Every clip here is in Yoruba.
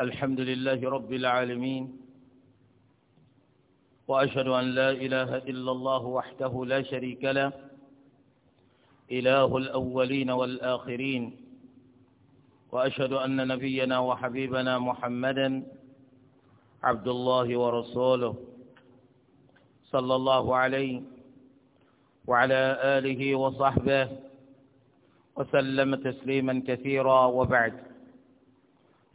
الحمد لله رب العالمين وأشهد أن لا إله إلا الله وحده لا شريك له إله الأولين والآخرين وأشهد أن نبينا وحبيبنا محمدا عبد الله ورسوله صلى الله عليه وعلى آله وصحبه وسلم تسليما كثيرا وبعد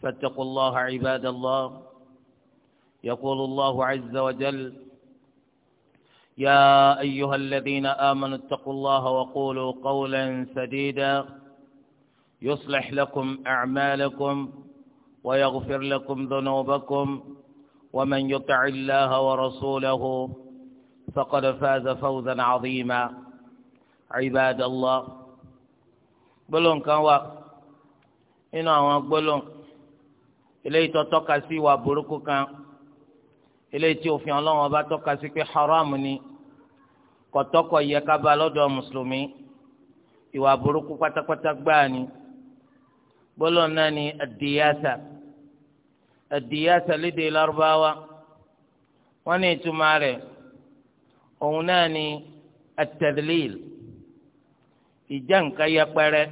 فاتقوا الله عباد الله يقول الله عز وجل يا أيها الذين آمنوا اتقوا الله وقولوا قولا سديدا يصلح لكم أعمالكم ويغفر لكم ذنوبكم ومن يطع الله ورسوله فقد فاز فوزا عظيما عباد الله بلون كان إنه بلون eléyìí tó tọ́ka sí ìwà burúkú kan eléyìí tí òfin ọlọ́run ọba tọ́ka sí pé haram ni kọ̀tọ́kọ̀ yẹ ká bá lọ́dọ̀ mùsùlùmí ìwà burúkú pátápátá gbáà ni gbọ́dọ̀ náà ni adìyásá adìyásá lédè lárúbáwá wọ́n ní ìtumọ̀ rẹ̀ òun náà ni atẹ̀lẹ́l ìjẹ́ nǹkan yẹpẹrẹ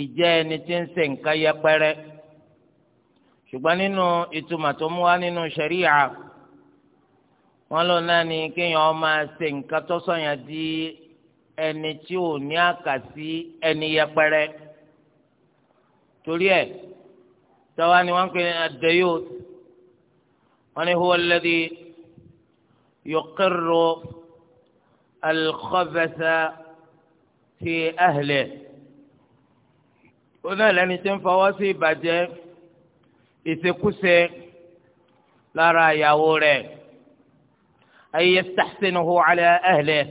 ìjẹ́ ẹni tí ń ṣe nǹkan yẹpẹrẹ ṣùgbọ́n nínú ìtumọ̀ tó mú wá nínú ṣẹ̀ríà wọn lọ náà ni kéèyàn máa ṣe nǹkan tó sọ̀yàn di ẹni tí ò ní àkàsí ẹni yẹpẹrẹ torí ẹ̀ tọ́wá ni wọ́n ń pè ní àdéyò wọ́n ní huwa alladhi yuqirru al-khabatha fi ahlihi náà lẹ́ni tí ń fọwọ́ sí ìbàjẹ́ ìṣekúṣe lára ìyàwó rẹ̀ ay yastahsinuhu ala ahlihi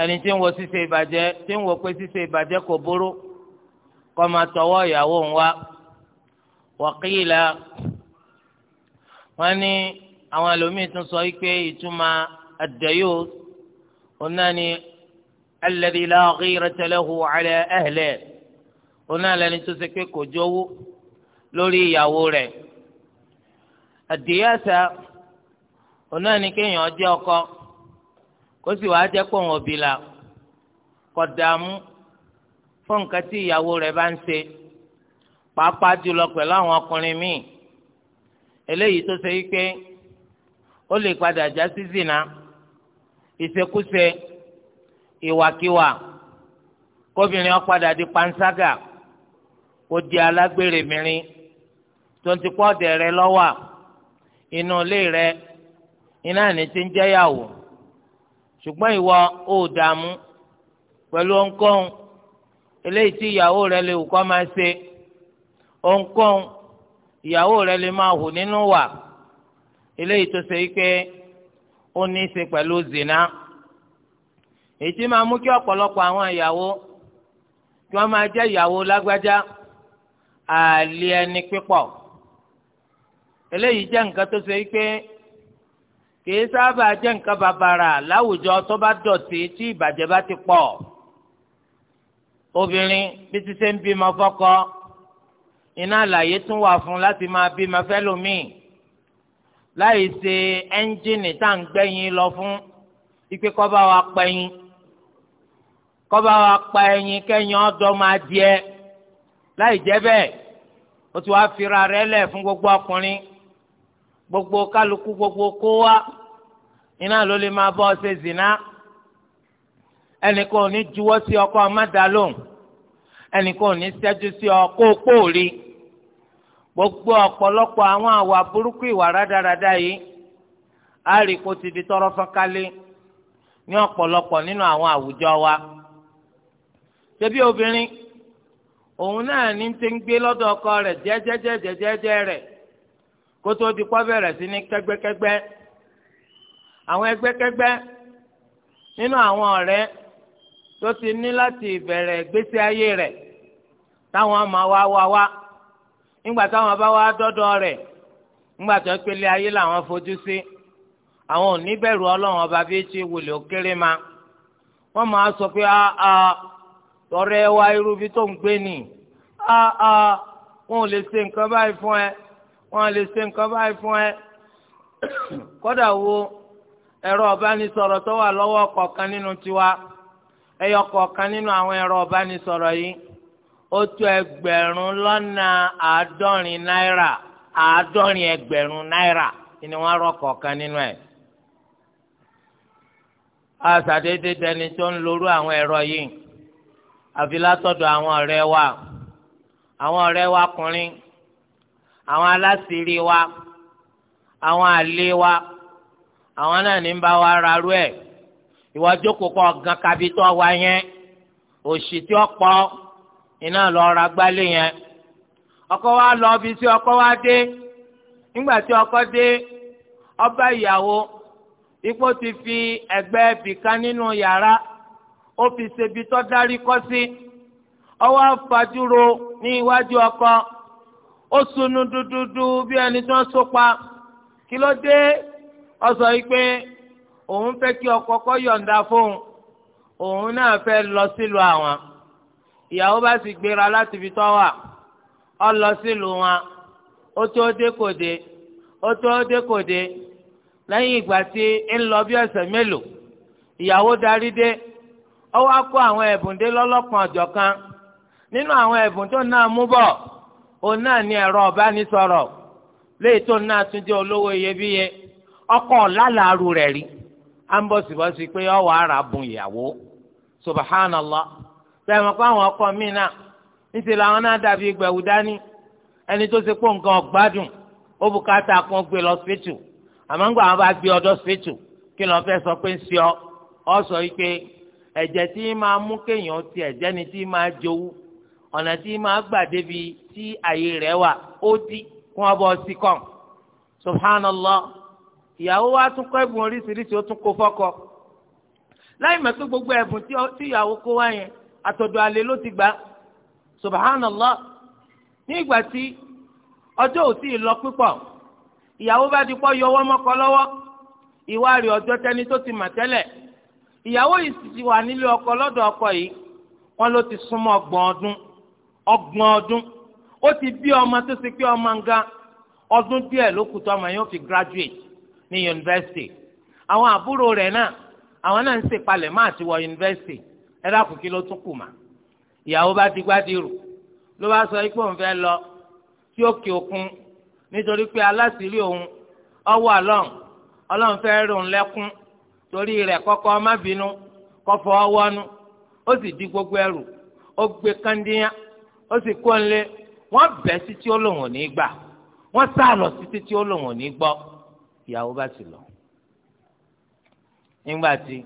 ẹni tí ń wo ṣíṣe ìbàjẹ́ tí ń wo pé ṣíṣe ìbàjẹ́ kò burú kó máa tọwọ́ ìyàwó ń wá wa qila wọ́n ní àwọn ẹlòmíì tún sọ pé ìtumọ̀ ad-dayus ọ̀nà ni alladhi la ghirata lahu ala ahlihi ọ̀nà lẹni tó ṣe pé kò jówó lórí ìyàwó rẹ̀ àdìyàsá ọ̀nà ni kéèyàn jẹ́ ọkọ kó sì wàá jẹ́ pòun òbí la kó dààmú fún nǹkan tí ìyàwó rẹ̀ bá ń ṣe pàápàá jùlọ pẹ̀lú àwọn ọkùnrin míì eléyìí tó ṣe wípé ó lè padà já sí zina ìṣekúṣe ìwàkiwà kóbìnrin ó padà di panṣágà kó di alágbèrè mìíràn. tonti kọ́ dẹ̀rẹ̀ lọ́wọ́ inú ilé rẹ iná ní ti ń jẹ́yàwó ṣùgbọ́n ìwọ ó dààmú pẹ̀lú ohunkóhun eléyìí tí ìyàwó rẹ lè kọ́ máa ṣe rẹ lè máa hù nínú wà eléyìí tó ṣe ó ní í ṣe zina èyí tí máa mú kí ọ̀pọ̀lọpọ̀ àwọn ìyàwó kí wọ́n máa jẹ́ ìyàwó lágbájá eléyìí jẹ́ nǹkan tó ṣe pé kìí sábà jẹ́ nǹkan bàbàrà láwùjọ tó bá dọ̀tí tí ìbàjẹ́ bá ti pọ̀ obìnrin bí ti ṣe ń bímọ fọ́kọ iná àlàyé tún wà fún láti máa bímọ fẹ́lòmíì láì ṣe ẹ́ńjìnì tá à ń gbẹ́yìn lọ fún ipe kọ́ wa pẹ́yìn kọ́ wa pa ẹyin kẹ́yìn ọ̀dọ́ máa díẹ̀ láì jẹ́ bẹ́ẹ̀ o ti wá fira rẹ lẹ̀ fún gbogbo ọkùnrin gbogbo kálukú gbogbo kó iná ló lè máa bọ́ ṣe zina ẹnìkan ọkọ amádàlóhùn ẹnìkan ò ní ṣẹ́jú sí ọkọ òpóòrí gbogbo ọ̀pọ̀lọpọ̀ àwọn àwà burúkú ìwà rádaràda yìí á kó ti di tọrọ fọ́nkálé ní ọ̀pọ̀lọpọ̀ nínú àwọn àwùjọ wa ṣebí obìnrin òun náà ní ti ń gbé lọ́dọ̀ ọkọ rẹ̀ jẹ́jẹ́jẹ́jẹ́jẹ́ kótó di kọ́ bẹ̀rẹ̀ sí ní kẹ́gbẹ́kẹ́gbẹ́ àwọn ẹgbẹ́kẹ́gbẹ́ nínú àwọn ọ̀rẹ́ tó ti ní láti ìbẹ̀rẹ̀ gbésí ayé rẹ̀ táwọn máa wa wá wá nígbà táwọn bá wá dọ́dọ̀ rẹ̀ nígbà tó pélé ayé làwọn fojú sí àwọn ò ní bẹ̀rù ọba bí tí wòlé ó ma wọ́n máa sọ pé a ọ̀rẹ́ wa irú bí tó ń gbé nì aa wọn ò lè se nǹkan báyìí fún ẹ wọn lè se nǹkan báyìí fún ẹ kódà wo ẹ̀rọ ọ̀bánisọ̀rọ̀ tó wà lọwọ kọ̀ọ̀kan nínú tiwa ẹyọ kọ̀ọ̀kan nínú àwọn ẹ̀rọ n'isọrọ yìí ó tó ẹgbẹ̀rún lọ́nà àádọ́rin náírà àádọ́rin ẹgbẹ̀rún náírà ni rọ kọ̀ọ̀kan nínú ẹ̀. àṣàdédé dẹni tó ń lorú àwọn yìí àfi àwọn wa àwọn wa kùnrin àwọn aláṣìírí wa àwọn àlè wa àwọn náà ní bá wa rarú ẹ̀ ìwọ jókòó kọ gan kabi tó wa yẹn òṣì tí ó pọ̀ iná lọ ra gbálẹ̀ yẹn ọkọ wa lọ bí tí ọkọ wa dé nígbà tí ọkọ dé ọba ìyàwó ipò ti fi ẹ̀gbẹ́ bìkan nínú yàrá ó fi ṣebi tó dárí kọ sí ọwọ́ afajúro ní iwájú ọkọ. ó sunu dúdúdú bí ẹni tí wọ́n so pa kí ló dé ó sọ yìí pé òun fẹ́ kí ọkọ kọ́ yọ̀ǹda fóun òun náà fẹ́ lọ sílùú àwọn ìyàwó bá sì gbéra láti fi tọ́ wà ó lọ sílùú wọn ó tó dé kò dé ó tó dé kò dé lẹ́yìn ìgbà tí ń lọ bí ọ̀sẹ̀ mélòó ìyàwó darí dé ó wá kó àwọn ẹ̀bùn dé lọ́lọ́kan ọ̀jọ̀kan nínú àwọn ẹ̀bùn tó náà mú bọ̀ o náà ní ẹ̀rọ ọ̀bánisọ̀rọ̀ léyìí tó náà tún jẹ́ olówó iyebíye ọkọ lálàárù rẹ̀ rí à pé ọwọ́ ara bùn ìyàwó subhanallah sẹ́wọ̀n pé àwọn ọkọ mi náà níṣẹ́ làwọn náà dàbí gbẹ̀wù dání ẹni tó ṣe nǹkan ọ̀gbádùn ó lọ àmọ́ wọn bá gbé ọdọ́ sípẹ́tù kí lọ́ọ́ fẹ́ sọ pé ń ṣe ọ ọ sọ wípé ẹ̀jẹ̀ tí ti ẹ̀jẹ̀ ni tí ọ̀nà tí máa gbà débi tí àyè rẹ̀ wà ó dí kún ọbọ̀ sí kàn subhanallah ìyàwó wa tún kọ́ ẹ̀bùn oríṣiríṣi ó tún kó fọ́kọ láì mọ̀ pé gbogbo ẹ̀bùn tí ìyàwó kó wá yẹn àtọ̀dọ̀ àlè ló ti gbà subhanallah ní ìgbà tí ọjọ́ ò tí ì lọ púpọ̀ ìyàwó bá ti pọ́ yọwọ́ mọ́kọ lọ́wọ́ ìwà rẹ̀ ọjọ́ tẹni tó ti mà tẹ́lẹ̀ ìyàwó yìí ti wà nílé ọkọ lọ́dọ̀ ọkọ yìí wọ́n ló ti súnmọ́ ọgbọ̀n ọdún ọgbọ̀n ọdún ó ti bí ọmọ tó ṣe pé ọmọ nga ọdún díẹ̀ ló kù tó ọmọ yẹn ó fi graduate ní yunifásitì àwọn àbúrò rẹ̀ náà àwọn náà ń ṣèpalẹ̀ má àti wọ yunifásitì ẹ dákun kí ló tún kù mà ìyàwó bá ti gbádìrú ló bá sọ pé òun fẹ́ lọ sí òkè òkun nítorí pé aláṣìírí òun ọwọ́ àlọ́n ọlọ́run fẹ́ rún lẹ́kún torí rẹ̀ kọ́kọ́ má bínú kọ́fọ́ ọwọ́nu ó sì di gbogbo ẹrù ó gbé kandíyàn ó sì kó ń lé wọ́n bẹ̀ títí ó lòun ò ní gbà wọ́n sá lọ títí tí ó lòun ò ní gbọ́ ìyàwó bá sì lọ. nígbà tí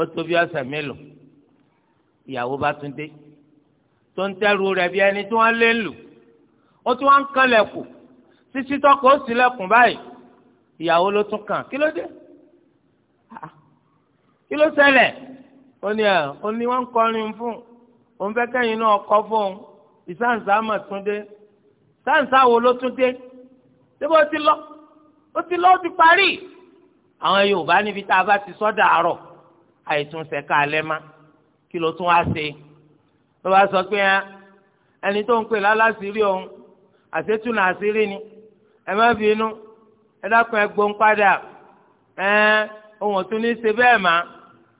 ó tó bí ọ̀sẹ̀ mélòó ìyàwó bá tún dé tó ń tẹ́rù rẹ̀ bí ẹni tí wọ́n lé lù ó tún wá ń kànlẹ̀kùn títí tọkọ ó ṣílẹ̀kùn báyìí ìyàwó ló tún kàn kí ló dé ah, kí ló ṣẹlẹ̀ ó ní ẹ̀ ó ní wọ́n ń kọrin fún un òun fẹ́ kẹ́yìn náà kọ́ fóun ìsáǹsá mà tún dé sáǹsá wo ló tún dé síbò ó ti lọ ó ti lọ ó ti parí àwọn Yorùbá níbi tá a bá ti sọ́dà àárọ̀ àìtúnṣe ká alẹ́ má kí ló tún wá ṣe ló bá sọ pé ẹni tó ń pè lálásìírí òun àṣetúnà àṣírí ni ẹ má fi inú ẹ dákun ẹ gbóhùn padà ẹ ohun ọ̀tún ní í ṣe bẹ́ẹ̀ má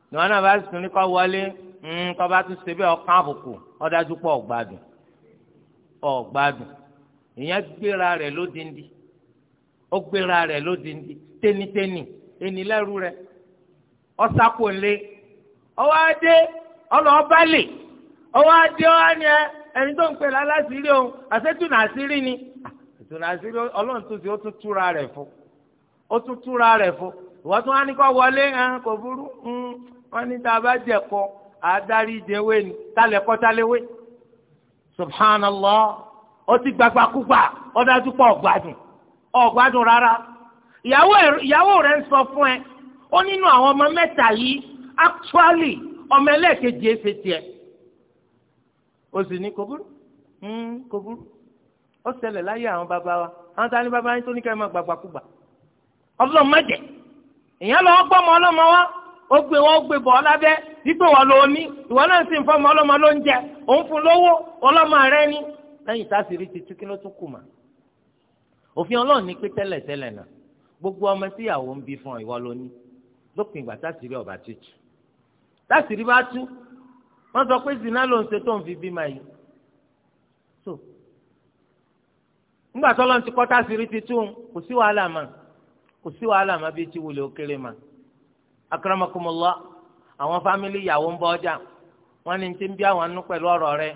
ni wọn náà bá sì tún ní kọ́ wọlé. Hmm, tọ́ba tún ṣe bẹ́ẹ̀ ọkàn àbùkù ọ̀dájú pọ̀ ọ̀gbádùn ọ̀gbádùn ìyẹn gbéra rẹ̀ lódindi ó gbéra rẹ̀ lódindi tẹ́nitẹ́ni ẹnilẹ́rú rẹ̀ ọ̀sákòlé ọwọ́ adé ọlọ́ọ̀bá lè ọwọ́ adé ọwọ́ ni ẹ ẹni tó ń pè lálásìírí òun ni àṣírí ọlọ́run tó ti ó tún túra rẹ̀ fún ó tún túra rẹ̀ fún ìwọ́n tún wá ní wọlé kò burú hmm, wọ́n ní tá a bá jẹ̀ adarí ìdẹ́wé ni tálẹ̀ kọ́tálẹ́wé subhanallah ó ti gbàgbàkúgbà ó dájú pọ̀ ọ̀gbádùn ọ̀gbádùn rárá ìyàwó rẹ̀ ń sọ fún ẹ ó nínú àwọn ọmọ mẹ́ta yìí actually ọmọ ẹlẹ́ẹ̀kejì ẹ̀ ṣe tiẹ̀ ó sì ní kò burú hmm, kò burú ó ṣẹlẹ̀ láyé àwọn bàbá wa àwọn tani bàbá yín tó ní ká ẹ máa gbàgbàkúgbà ọlọ́mọdé èèyàn lọ́wọ́ gbọ́mọ ọlọ́mọ wa ó gbé wọ́n ó gbé bọ̀ ọ́ lábẹ́ wípé wọ́n lò ó ní ìwọ náà sì ń fọmọ ọlọ́mọ ló ń jẹ òun fún lówó ọlọ́mọ rẹ ní. lẹ́yìn táṣìírí ti tú kí ló tún kù mà. òfin ọlọ́run ní pé tẹ́lẹ̀ tẹ́lẹ̀ náà gbogbo ọmọ tíyàwó ń bí fún ìwọ ló lópin ìgbà táṣìírí ọba ti tú. táṣìírí bá tú wọ́n sọ pé zina ló ń ṣe tó ń fi bímọ yìí. so ńgbà tọ́lọ́ ti kọ́ táṣìírí ti tú kò sí wàhálà mà kò sí wàhálà akramakumullah àwọn fámìlì ìyàwó ń bọ ọjà wọn ní ti ń bí àwọn nú pẹ̀lú ọ̀rọ̀ rẹ̀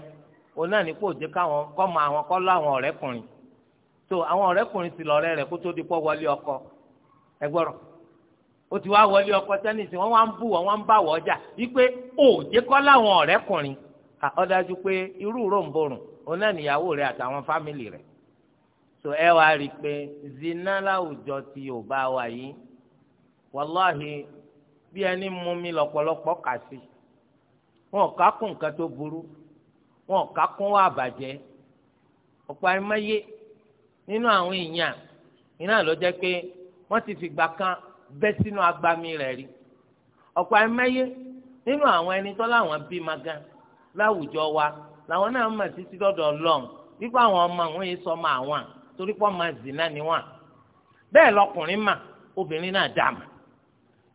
òun náà ní kò jẹ́ káwọn kọ́ mọ àwọn kọ́ lọ àwọn ọ̀rẹ́kùnrin tó àwọn ọ̀rẹ́kùnrin sì lọ́rẹ́ rẹ̀ kó tó di pọ́ wọlé ọkọ ẹgbọ́rọ̀ ó ti wá wọlé ọkọ tẹ́nìsì wọ́n wá ń bù wọ́n wá ń bà wọ́ ọjà wípé ò jẹ́ kọ́ láwọn ọ̀rẹ́kùnrin ọ̀dájú pé irú ròǹbòrùn òun náà níyàwó rẹ̀ àtàwọn fámìlì rẹ̀ tó ẹ wá rí i pé zina láwùjọ ti Yorùbá wa yìí wàláhì bí ẹni mú mi lọ́pọ̀lọpọ̀ kà sí wọn kà kún nǹkan tó burú wọn kà kún wà bàjẹ́ ọ̀pọ̀ àìmọye nínú àwọn èèyàn iná ló jẹ́ pé wọ́n ti fìgbà kan bẹ́ sínú agbami rẹ̀ rí ọ̀pọ̀ àìmọye nínú àwọn ẹni tó láwọn bí magan láwùjọ wa làwọn náà mọ̀ títí dọ́dọ̀ lọ́n wípé àwọn ọmọ àwọn yìí sọ ọmọ àwọn torí pọ́ máa zì náà níwọ̀n bẹ́ẹ̀ lọkùnrin mà obìnrin náà dà mà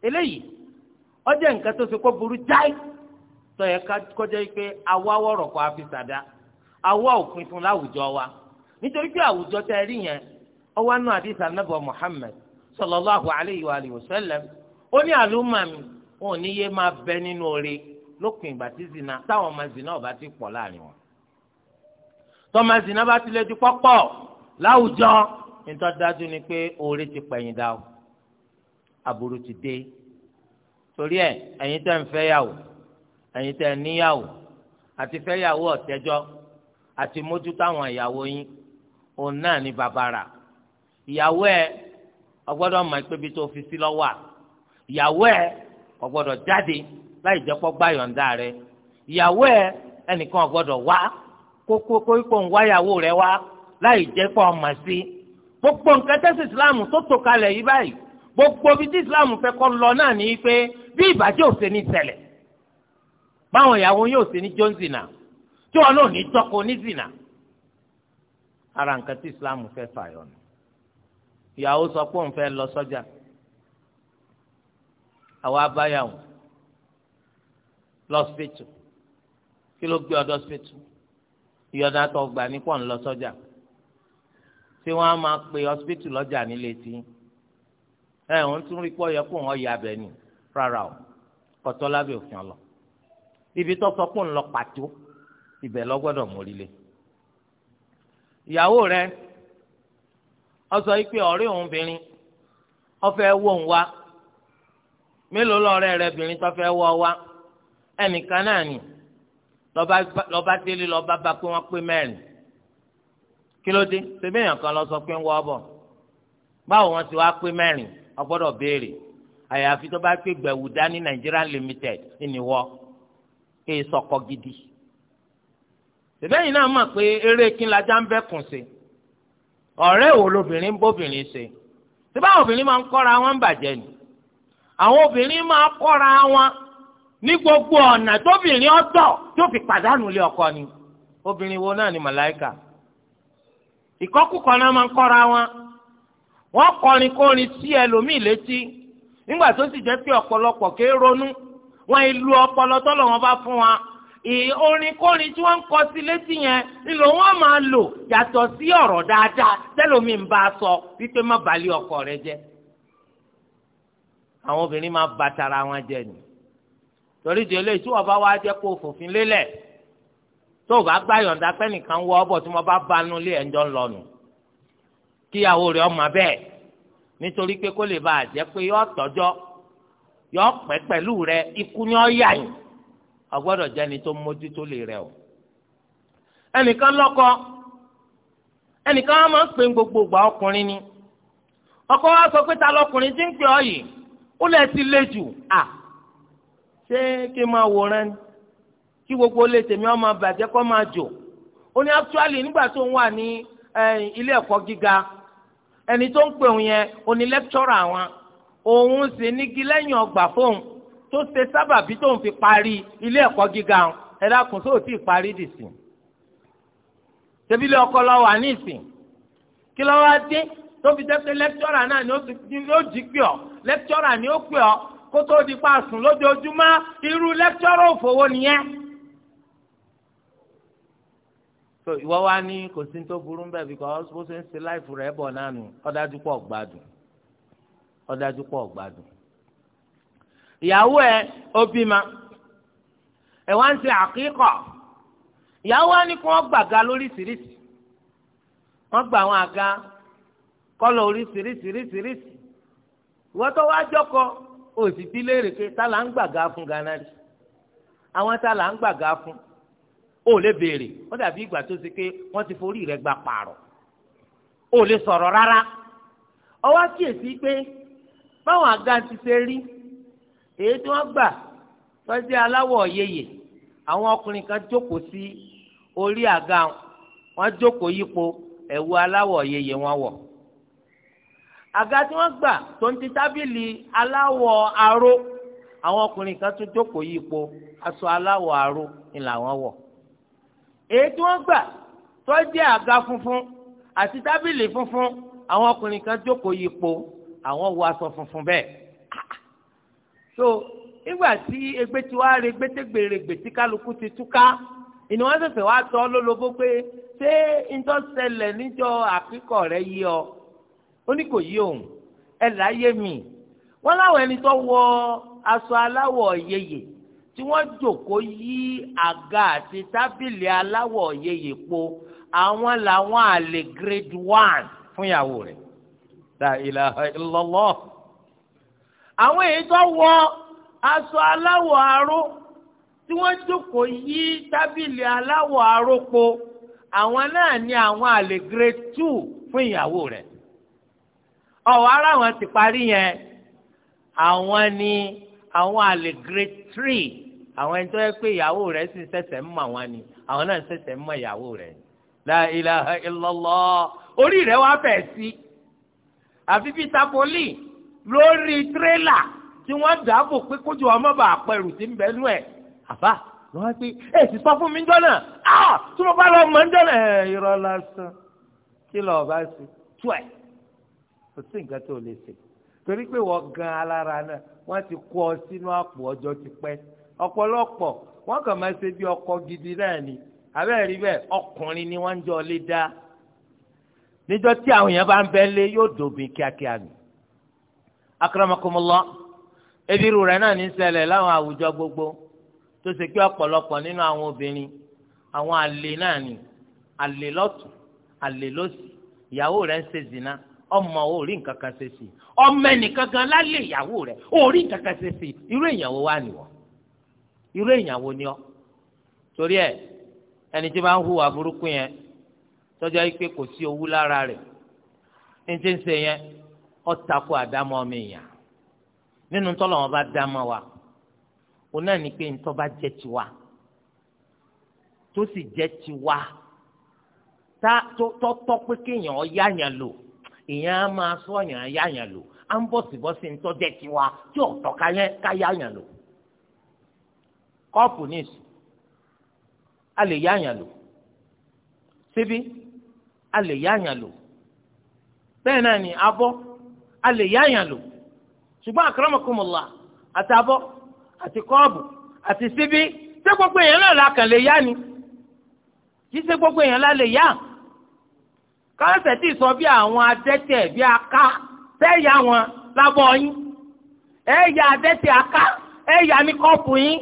eléyìí ọjọ́ nǹkan tó ṣe kó burú jáì tó kọjá pé àwa wọ̀rọ̀ kọ́ àfisàdá àwa òpin fún láwùjọ wa nítorí pé àwùjọ tẹ ẹ rí yẹn ọwọ́ nù àdìsá nàbọ̀ Muhammad sallallahu alayhi wa alihi wa sallam ó ní àlùmọ̀ wọn ò ní yé máa bẹ nínú oore lópin ìgbà tí táwọn ọmọ zina ọba torí ẹ ẹ̀yin tẹ́ ń fẹ́yàwó ẹ̀yin tẹ́ ń níyàwó àti fẹ́yàwó ọ̀tẹ́jọ́ àti mójútó àwọn ìyàwó yín òun náà ní bàbàrà ìyàwó ẹ ọgbọ́dọ̀ mọ̀ pé ibi tó fi sí lọ́wọ́ à ìyàwó ẹ ọgbọ́dọ̀ jáde láì jẹ́ pọ́ gbàyọ̀ǹda rẹ ìyàwó ẹ ẹnìkan ọgbọ́dọ̀ wá kókó kókó ń wáyàwó rẹ wá láì jẹ́ pọ́ ọmọ sí gbogbo nǹkan tẹ́sí ìsìláàmù tó tò kalẹ̀ yìí báyìí gbogbo bí tí islam fẹ́ kọ́ lọ náà ní pé bí ìbàjẹ́ ò ṣe ní ṣẹlẹ̀ báwọn ìyàwó yóò ṣe ní jọ́nzìnà tí wọn náà ní tọkọ ní zìnà ara nǹkan tí islam fẹ́ fàyọ̀ nù ìyàwó sọ pé òun fẹ́ lọ sọ́jà àwọn abáyàwó lọ́sítẹ́tù kí ló gbé ọdọ sítẹ́tù ìyọ̀dá gbà ní pọ̀ ń lọ sọ́jà tí wọ́n á máa pe hospital lọ́jà nílé tí ẹ òun tún rí pọ́ yẹ kó òun ọ̀yà abẹ ni rárá o kọtọ́ lábẹ́ òfin ọlọ ibi tó sọ pé òun lọ pàtó ibẹ̀ lọ gbọ́dọ̀ mórí lé ìyàwó rẹ ọ sọ pé ọ̀rẹ́ òun bìnrin ọ fẹ́ wọ̀ òun wá mélòó lọ́rẹ́ rẹ bìnrin tó fẹ́ wọ́ wá ẹnìkan náà ni lọ́ba délé lọ́ba bá pé wọ́n pé mẹ́rin kí ló dé ṣe bẹ́ẹ̀ yàn kan lọ sọ pé ń wọ́ bọ̀ báwo wọ́n ti wá pé mẹ́rin a gbọ́dọ̀ béèrè àyàfi tó bá pé gbẹ̀wù dání Nigeria limited ìníwọ́ kí e sọkọ gidi ìbẹ́yìn náà mọ̀ pé eré kí n lajá ń bẹ́ kùn sí ọ̀rẹ́ wo lobìnrin ń bóbìnrin ṣe tí báwọn obìnrin máa ń kọ́ra wọn ń bàjẹ́ ni àwọn obìnrin máa kọ́ra wọn ní gbogbo ọ̀nà tóbìnrin ọ̀tọ̀ tó fi pàdánù lé ọkọ ni obìnrin wo náà ni màláìkà ìkọ́kùkọ náà máa ń kọ́ra wọn wọ́n kọrin kọrin sí ẹlòmíì létí nígbà tó sì jẹ́ pé ọ̀pọ̀lọpọ̀ ké ronú wọ́n ìlú ọpọlọ tọ́lọ̀ wọn bá fún wa orin kọrin tí wọ́n ń kọ sí létí yẹn nílò wọ́n máa lò yàtọ̀ sí ọ̀rọ̀ dáadáa tẹ́lòmíì ń bá a sọ wípé má balẹ̀ ọkọ rẹ jẹ́ àwọn obìnrin máa bàtàrà wọn jẹ nìyí torí di eléyìí tí wọn bá wá jẹ kó fòfin lélẹ̀ tó o bá gbá yọ̀ǹda pé nìkan wọ ọbọ tí wọn bá banú lé ẹjọ́ ńlọnù kíyàwó rẹ̀ ọmọ bẹ́ẹ̀ nítorí pé kó lè bá a jẹ́ pé yọ tọ́jọ́ yọ pẹ́ pẹ̀lú rẹ̀ ikú ni ọ yà yín ọgbọ́dọ̀ jẹ́ni tó mójútó lè rẹ̀ o. ẹnìkan lọ́kọ ẹnìkan á máa ń pè gbogbo ìgbà ọkùnrin ni ọkọ wa sọ pé ta lọkùnrin tí ń pè ọ yìí ó lẹ ti lé jù à ṣé kí n máa wòran ni kí gbogbo lè tèmi ọmọ bàjẹ́ kọ́ máa jò ó ní actually nígbà tó ń wà ní eh, ilé ẹ̀kọ́ gíga ẹni tó ń pè òun yẹn oní lẹ́kítọ́rà àwọn òun sì ní kí lẹ́yìn ọgbà fóun tó ṣe sábàbí tóun fi parí ilé ẹ̀kọ́ gíga òun ẹ dákun sóò tí ì parí dìsìn tẹbílẹ̀ ọkọ lọ wà ní ìsìn kí lọ́wọ́ á dé tó fi dẹ́pẹ́ lẹ́kítọ́rà náà ni ó jí pè ọ́ lẹ́kítọ́rà ni ó pè ọ́ kó tó di pa sùn lójoojúmọ́ irú lẹ́kítọ́rà òfòwò nìyẹn so ìwọ wá ní kò sí tó burú bẹ́ẹ̀ because bó ṣe ń ṣe láìfù rẹ̀ bọ̀ náà nù ọ̀dájú pọ̀ gbádùn ọ̀dájú pọ̀ gbádùn. ìyàwó ẹ ó bímọ ẹ wá ń ṣe àkíkọ̀ ìyàwó wa ní kí wọ́n gbàga lóríṣiríṣi wọ́n gba àwọn àga kọ́lọ̀ oríṣiríṣiríṣiríṣi ìwọ́n tó wá jọ́kọ òsì bí léèrè pé ta là ń gbàga fún ganan àwọn ta là ń gbàga fún ó lè béèrè ó dàbí ìgbà tó ṣe pé wọ́n ti forí rẹ̀ gba pààrọ̀ ó lè sọ̀rọ̀ rárá ọwọ́ kíyèsí pé báwọn àga ti ṣe rí èyí tí wọ́n gbà tọ́jú aláwọ̀ yeye àwọn ọkùnrin kan jókòó sí orí àga wọn jókòó yípo ẹ̀wù aláwọ̀ yeye wọn wọ̀ àga tí wọ́n gbà tó ń ti tábìlì aláwọ̀ aró àwọn ọkùnrin kan tún jókòó yípo aṣọ aláwọ̀ aró ni làwọn wọ̀ èyí tí wọ́n gbà tó jẹ́ àga funfun àti tábìlì funfun àwọn ọkùnrin kan jókòó yípo àwọn wọ aṣọ funfun bẹ́ẹ̀ so nígbà tí egbe tí wàá re gbẹtẹgbèrègbè tí kálukú ti túká ìní wọn ṣẹ̀ṣẹ̀ wàá tọ lólobó pé ṣé ìtọ́sẹlẹ̀ níjọ àkíkọ̀ rẹ yí ọ ó ní kò yí òun ẹ láyé mi wọn láwọn ẹni tó wọ aṣọ aláwọ̀ yeye tí wọ́n jòkó yí àga àti tábìlì aláwọ̀ yeye po àwọn làwọn àlè grade one fún ìyàwó rẹ̀ la ilaha illallah àwọn èyí tó wọ aṣọ aláwọ̀ aró tí wọ́n jòkó yí tábìlì aláwọ̀ aró po àwọn náà ní àwọn àlè grade two fún ìyàwó rẹ̀ ọ̀wọ́ ara wọn ti parí yẹn àwọn ni àwọn àlè grade three àwọn ẹni tó yẹ pé ìyàwó rẹ̀ sì ṣẹ̀ṣẹ̀ ń mọ̀ wọn ni àwọn náà ṣẹ̀ṣẹ̀ ń mọ̀ ìyàwó rẹ̀ la ilaha illallah orí rẹ̀ wá fẹ̀ sí àfi bíi tapoli lórí tírélà tí wọ́n dàbò pé kójú ọmọ bá pẹ̀rù sí ń bẹ́nu ẹ̀ àbá lọ́wọ́ pé ẹ sì sọ fún mi jọ́nà á tí mo bá lọ mọ̀ ń jọ́nà ẹ̀ irọ́ lásán kí lọ́ọ́ bá ṣe tú ẹ̀ kò sí nǹkan tó lè ṣe torí pé wọ́n gan alára náà wọ́n ti kó ọ sínú àpò ọjọ́ ti pẹ́ ọ̀pọ̀lọpọ̀ wọ́n kàn máa ṣe bí ọkọ gidi náà ni àbẹ́ẹ̀ rí bẹ́ẹ̀ ọkùnrin ni wọ́n ń jọ lé dá níjọ́ tí àwọn èèyàn bá ń bẹ́ lé yóò dòbin kíákíá nù. akramakumullah ebi irú rẹ̀ náà ní ṣẹlẹ̀ láwọn àwùjọ gbogbo tó ṣe pé ọ̀pọ̀lọpọ̀ nínú àwọn obìnrin àwọn àlè náà ni àlè lọ́tún àlè lọ́sì ìyàwó rẹ̀ ń ṣe zina ọmọ orí nǹkan kan ṣe sí ọmọ ẹnìkan gan lálẹ́ ìyàwó rẹ̀ orí nǹkan kan ṣe sí irú ìyàwó wa nìwọ̀n irú èèyàn ni ọ torí ẹ ẹni tí bá ń hùwà burúkú yẹn tọ́jà yìí pé kò sí owú lára rẹ̀ ní ti ń ṣe yẹn ọ takò àdámọ́ ọmọ èèyàn nínú tọ́lọ̀ wọn bá dámọ́ wa òun náà ní pé ntọ́ bá jẹ́ tiwa tó sì jẹ́ tiwa tá tọ́tọ́ pé kéèyàn ọ yáyàn lò èèyàn á máa sọ yàn á lò á ń bọ̀sibọ́sí ntọ́ jẹ́ tiwa tí ọ̀tọ̀ káyáyàn lò kọ́ọ̀pù ní ìsìn a lè yá àyàn lò síbí a lè yá àyàn lò bẹ́ẹ̀ náà ni abọ́ a lè yá àyàn lò ṣùgbọ́n akramakumullah àtàbọ̀ àti kọ́ọ̀bù àti síbí ṣé gbogbo èèyàn náà la kàn lè yá ni kì gbogbo èèyàn la lè yá káńsẹ̀ tí sọ bí àwọn adẹ́tẹ̀ bí aká sẹ́yà wọn lábọ́ yín ẹ̀ yà adẹ́tẹ̀ aká ẹ̀ yà ní kọ́ọ̀pù yín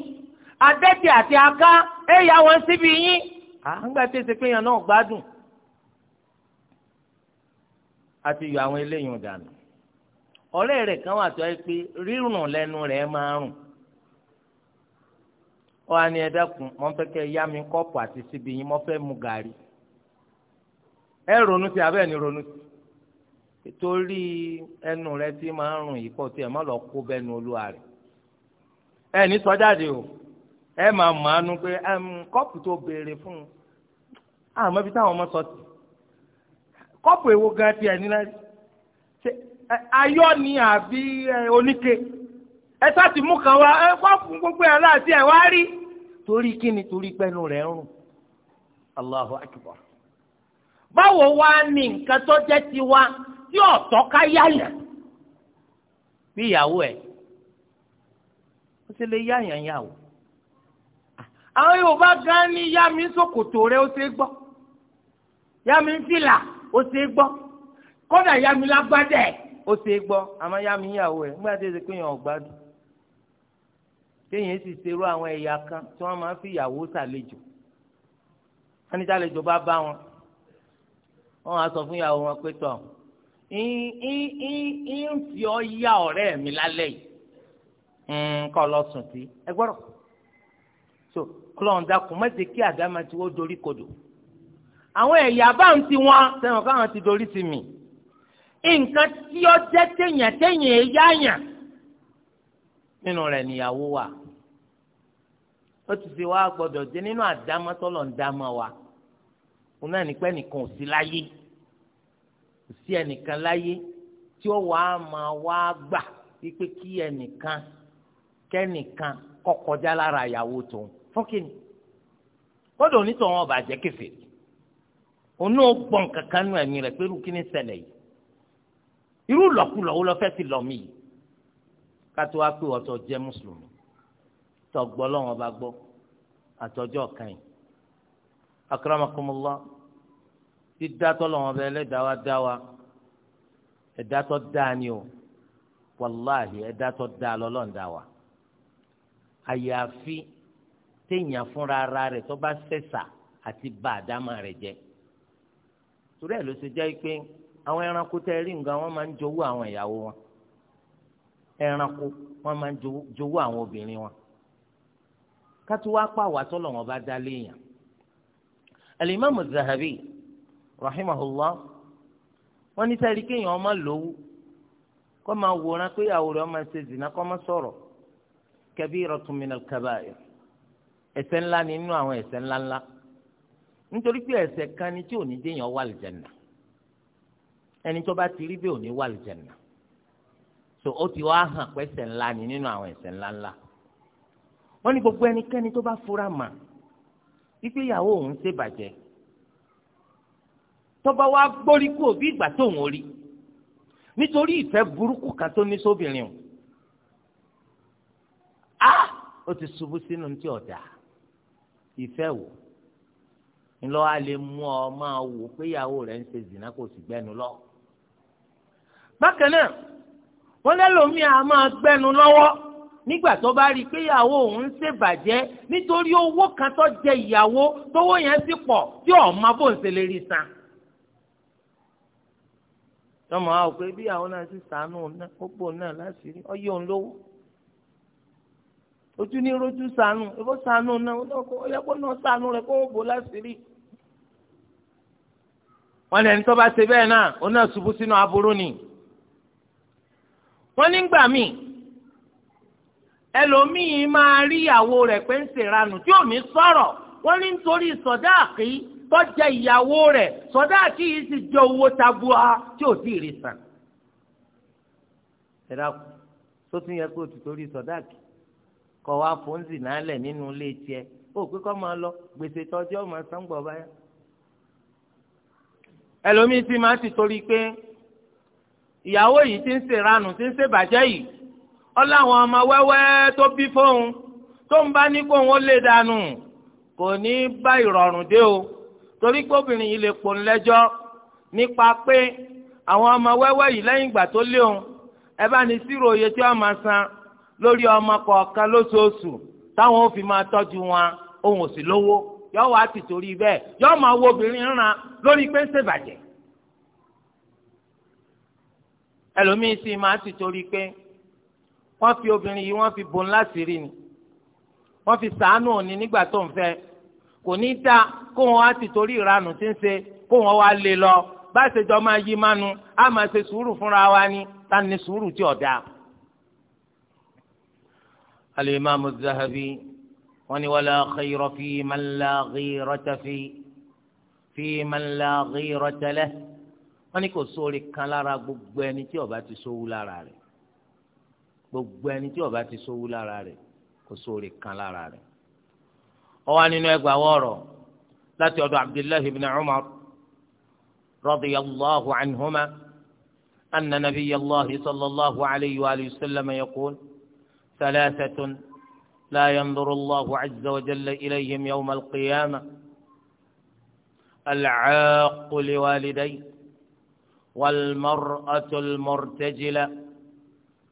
adẹ́tẹ̀ àti aká ẹ̀ yà wọ́n síbi yín àgbà ah. tí èsì péyàn náà gbádùn àti yọ àwọn eléyìí dànù ọ̀rẹ́ rẹ̀ kan wà tó ẹ pé rírùn lẹ́nu rẹ̀ máa rùn ó wà ní ẹ̀dẹ́kun mo fẹ́ kẹ́ yá mi kọ́ọ̀pù àti síbi yín mo fẹ́ mu gàrí ẹ ronú sí abẹ́ ni ronú sí torí ẹnu rẹ tí máa ń rùn yìí pọ̀ tí ẹ má lọ kó bẹ́ẹ̀ nu olúwa rẹ̀ ẹ ní sọ jáde o. ẹ máa màánu pé kọpụ tó béèrè fún un àmọ́ ibi táwọn ọmọ sọ ti kọ́ọ̀pù èwo gan ti ni àbí oníke ẹ sá mú kan wá gbogbo ẹ̀ láti ẹ̀ torí torí pẹ́nu rẹ̀ ń rùn Allahu akbar báwo wá ní nǹkan tó jẹ́ tiwa tí ká yáyà bí ìyàwó ẹ̀ ó àwọn Yorùbá gan ni yá mi ṣòkòtò rẹ ó ṣe gbọ́ yá mi fìlà ó ṣe gbọ́ kódà yá mi lágbádẹ ó ṣe gbọ́ àmọ́ yá mi yàwó ẹ nígbà tí ó ṣe pé yàn ọgbádùn téèyàn sì ṣerú àwọn ẹ̀yà kan tí wọ́n máa ń fi ìyàwó ṣàlejò wọ́n ní ṣàlejò bá bá wọn wọ́n á sọ fún ìyàwó wọn pé tọ̀ ń fi ọ́ yá ọ̀rẹ́ mi lálẹ́ yìí kọ́ lọ sùn sí ẹ gbọ́dọ̀ so kọlọ́n dákun má ṣe kí àdámà tí wọ́n dorí kodò àwọn ẹ̀yà bá ń ti wọn sẹ́wọ̀n káwọn ti dorí ti mì nǹkan tí ó jẹ́ téèyàn téèyàn èyáàyàn nínú rẹ̀ níyàwó wa ó ti fi wá gbọ́dọ̀ jẹ́ nínú àdámà tọ́lọ̀ ń dámà wa òun náà ní pẹ́ nìkan ò sí láyé kò sí ẹnìkan láyé tí ó wàá máa wá gbà wípé kí ẹnìkan kẹ́nìkan kọ́ lára ìyàwó tòun fọ́kìnì kódà onítọ̀ wọn bàjẹ́ kẹfẹ́ onú gbọ̀n kankan nù ẹ̀mí rẹ̀ pé irú kíní ṣẹlẹ̀ yìí irú lọ́kùlọ̀ wo lọ fẹ́ fi lọ mí yìí kátó wá pé wọ́n tó jẹ́ mùsùlùmí tó gbọ́ lọ́wọ́n bá gbọ́ àtọ́jọ́ kan yìí akramakumullah dídátọ́ lọ́wọ́n bá ẹlẹ́dàá wa dá wa dáa ni o wàláhì ẹ̀dá dáa lọ́lọ́ọ̀dá àyàfi. téèyàn fúnra ara rẹ tó bá ṣẹ̀ṣà àti bá àdámà rẹ jẹ torí ẹ ló ṣe jẹ́ pé àwọn ẹranko tẹ́ rí nǹkan máa ń àwọn ìyàwó wọn ẹranko wọ́n máa ń jowú àwọn obìnrin wọn kátó wá pa wọn bá dá léèyàn alimami zahabi rahimahullah wọ́n ní sẹ́ẹ̀rí kéèyàn ọmọ lówó kọ́ máa wòran pé ọmọ ṣe kọ́ ẹ̀ṣẹ̀ ńlá ni nínú àwọn ẹ̀ṣẹ̀ ńlá ńlá nítorí pé ẹ̀ṣẹ̀ kan ni tí ò ní déèyàn wà lìjẹnà ẹni tó bá ti rí bẹ́ẹ̀ ò ní wà lìjẹnà so ó ti wá hàn pé ẹ̀ṣẹ̀ ńlá ni nínú àwọn ẹ̀ṣẹ̀ ńlá ńlá wọ́n ní gbogbo ẹnikẹ́ni tó bá fura mà wípé ìyàwó òun ṣe bàjẹ́ tọba wa gbórí kú òbí ìgbà tó òun rí nítorí ìfẹ́ burúkú kan tó ní sóbìnrin o ah ó ti ṣubú sínú ti ọ̀dà ìfẹ́ wò ńlọ a lè mú ọ máa wò pé ìyàwó rẹ ń ṣe zina kò sì gbẹnu lọ. bákan náà wọn lẹ́lòmíì a máa gbẹnu lọ́wọ́ nígbà tó bá rí i pé ìyàwó òun ń ṣèbàjẹ́ nítorí owó kan tó jẹ ìyàwó tówó yẹn ti pọ̀ tí ọ̀ma bò ń ṣe lè rí san. tọmọ àwọn pé bí àwọn náà ti sàánú ọgbọ́n náà láti rí ọyẹ òun lówó ojú ní rojú sànù ebó sànù náà ó náà kó yẹ kó náà sànù rẹ kó bò wọ́n lẹ́ni tó bá ṣe náà ó náà ṣubú sínú aburú ni. Wọn ní míì ẹlòmíì máa rí ìyàwó rẹ pé ń ṣèranù tí sọrọ wọn ní nítorí ìyàwó yìí sì tabua tí o ti torí kọ́ wa fòǹsì nálẹ̀ nínú ilé tiẹ̀ ó pé kọ́ máa lọ gbèsè tọ́jú ọmọ sangbọ̀ báyà. ẹlòmíín ti máa ti torí pé ìyàwó yìí ti ń ṣèranù ti ń ṣèbàjẹ́ yìí ọláwọn ọmọ wẹ́wẹ́ tó bí fóun tó ń bá ní kóun ó lè dànù kò ní bá ìrọ̀rùn dé o torí pé obìnrin yìí lè pò ń lẹ́jọ́ nípa pé àwọn ọmọ wẹ́wẹ́ yìí lẹ́yìn ìgbà tó lé ẹ bá ní sírò iye tí wọ́n máa san lórí ọmọ kọ̀ọ̀kan lóṣooṣù táwọn òfin fi máa tọ́jú wọn òun ò sì lówó yọ wá ti torí bẹ́ẹ̀ yọ máa wo obìnrin ńran lórí pé ń ṣèbàjẹ́ ẹlòmíín sì máa ti torí pé wọn fi obìnrin yìí wọn fi bò ńlá sí rí ni wọ́n fi sàánú òní nígbà tó ń fẹ́ kò ní dá kó wọn á ti torí ìranù tí ń ṣe kó wọn wá lé lọ bá ṣe jọ máa yí mánu á máa ṣe sùúrù fúnra wa ni ta ni sùúrù tí ò dáa. الإمام الذهبي وني ولا خير في من لا غيرة في في من لا غيرة له وني kò sóore kan lára gbogbo ẹni tí ó bá ti sówó lára rẹ̀ gbogbo ẹni tí ó bá ti sówó lára rẹ̀ kò sóore kan lára rẹ̀ ó wà nínú ẹgbàá wọrọ láti ọ̀dọ̀ Abdullahi ibn Umar radiyallahu anhuma anna nabiyallah sallallahu alayhi wa sallam yaqul. ثلاثة لا ينظر الله عز وجل إليهم يوم القيامة العاق لوالديه والمرأة المرتجلة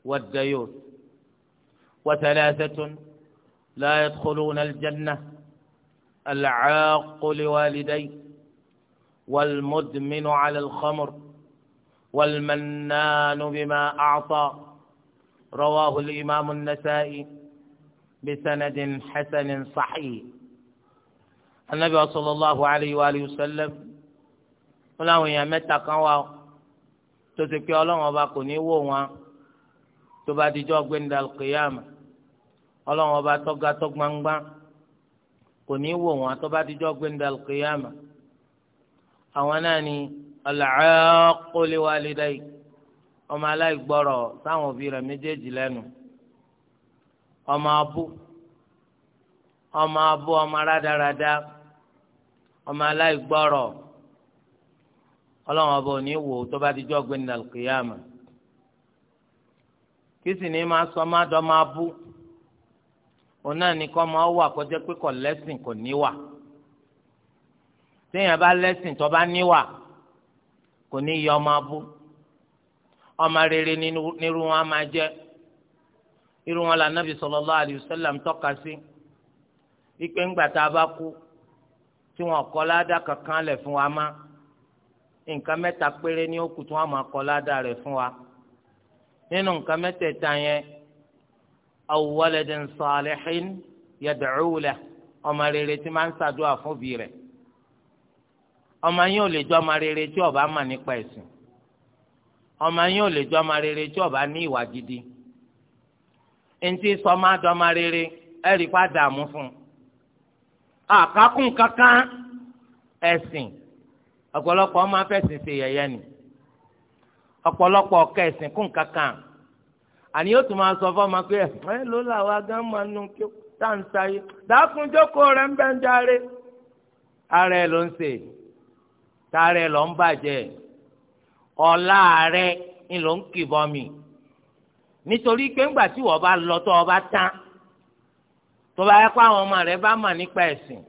والديوث وثلاثة لا يدخلون الجنة العاق لوالديه والمدمن على الخمر والمنان بما أعطى رواه الإمام النسائي بسند حسن صحيح النبي صلى الله عليه وآله وسلم wọn àwọn èèyàn mẹ́ta kan wà tó ti pé ọlọ́run ọba kò ní wò wọn tó bá dijọ́ gbẹ̀ndà kìyàmù ọlọ́run ọba tọ́ga tó gbangba kò ní wò wọn tó bá dijọ́ gbẹ̀ndà kìyàmù àwọn náà ni al-aaqu li walidayhi ọmọ aláìgbọ́rọ̀ sáwọn òbí rẹ̀ méjèèjì lẹ́nu ọmọ abú ọmọ abú ọmọ rádaràda ọmọ aláìgbọ́rọ̀ ọlọ́run ọba ò ní wò tó bá ti jọ́ gbẹ́ni nàlùkìyàmà kí sì ní máa sọ má dọ́ máa bú òun náà ní kọ́ máa wà kọjá pé kò lẹ́sìn kò níwà téèyàn bá lẹ́sìn tó bá níwà kò ní yọ máa bú. ọmọ rere nírú wọn máa jẹ́ irú wọn la nabi sallallahu alayhi wa tọka sí ipe ńgbà bá kú tí wọn kọ ládàá kankan lẹ̀ fún wa má nǹkan mẹ́ta péré ní ó tí wọn máa kọ ládàá rẹ̀ fún wa nínú nǹkan yẹn salihin ọmọ rere tí máa ń ṣàdúrà fún ọmọ yẹn ò lè rere tí mà nípa ọmọ yín ò lè jọ ọmọ rere tí ọba ní ìwà gidi ntí sọmọ àdọmọ rere ẹrí padà mú fún àkàkùn kankan ẹsìn ọ̀pọ̀lọpọ̀ ọmọ afẹ́sìn ṣe yẹ̀yẹ́ ni ọ̀pọ̀lọpọ̀ kẹ̀sìn kún kankan àní yóò tún máa sọ fọmọ pé ẹ ló là wá gán máa nu kí tá n sáyé dákúnjókòó rẹ ń bẹ ń járe ara ẹ ló ń ṣe ara ẹ lọ ń bàjẹ́ ọlá rẹ ni ló ń kìbọn mi nítorí pé ńgbà tí wọ́n bá lọ tó ọba tán tó bá yẹ kó àwọn ọmọ rẹ bá mà nípa ẹ̀sìn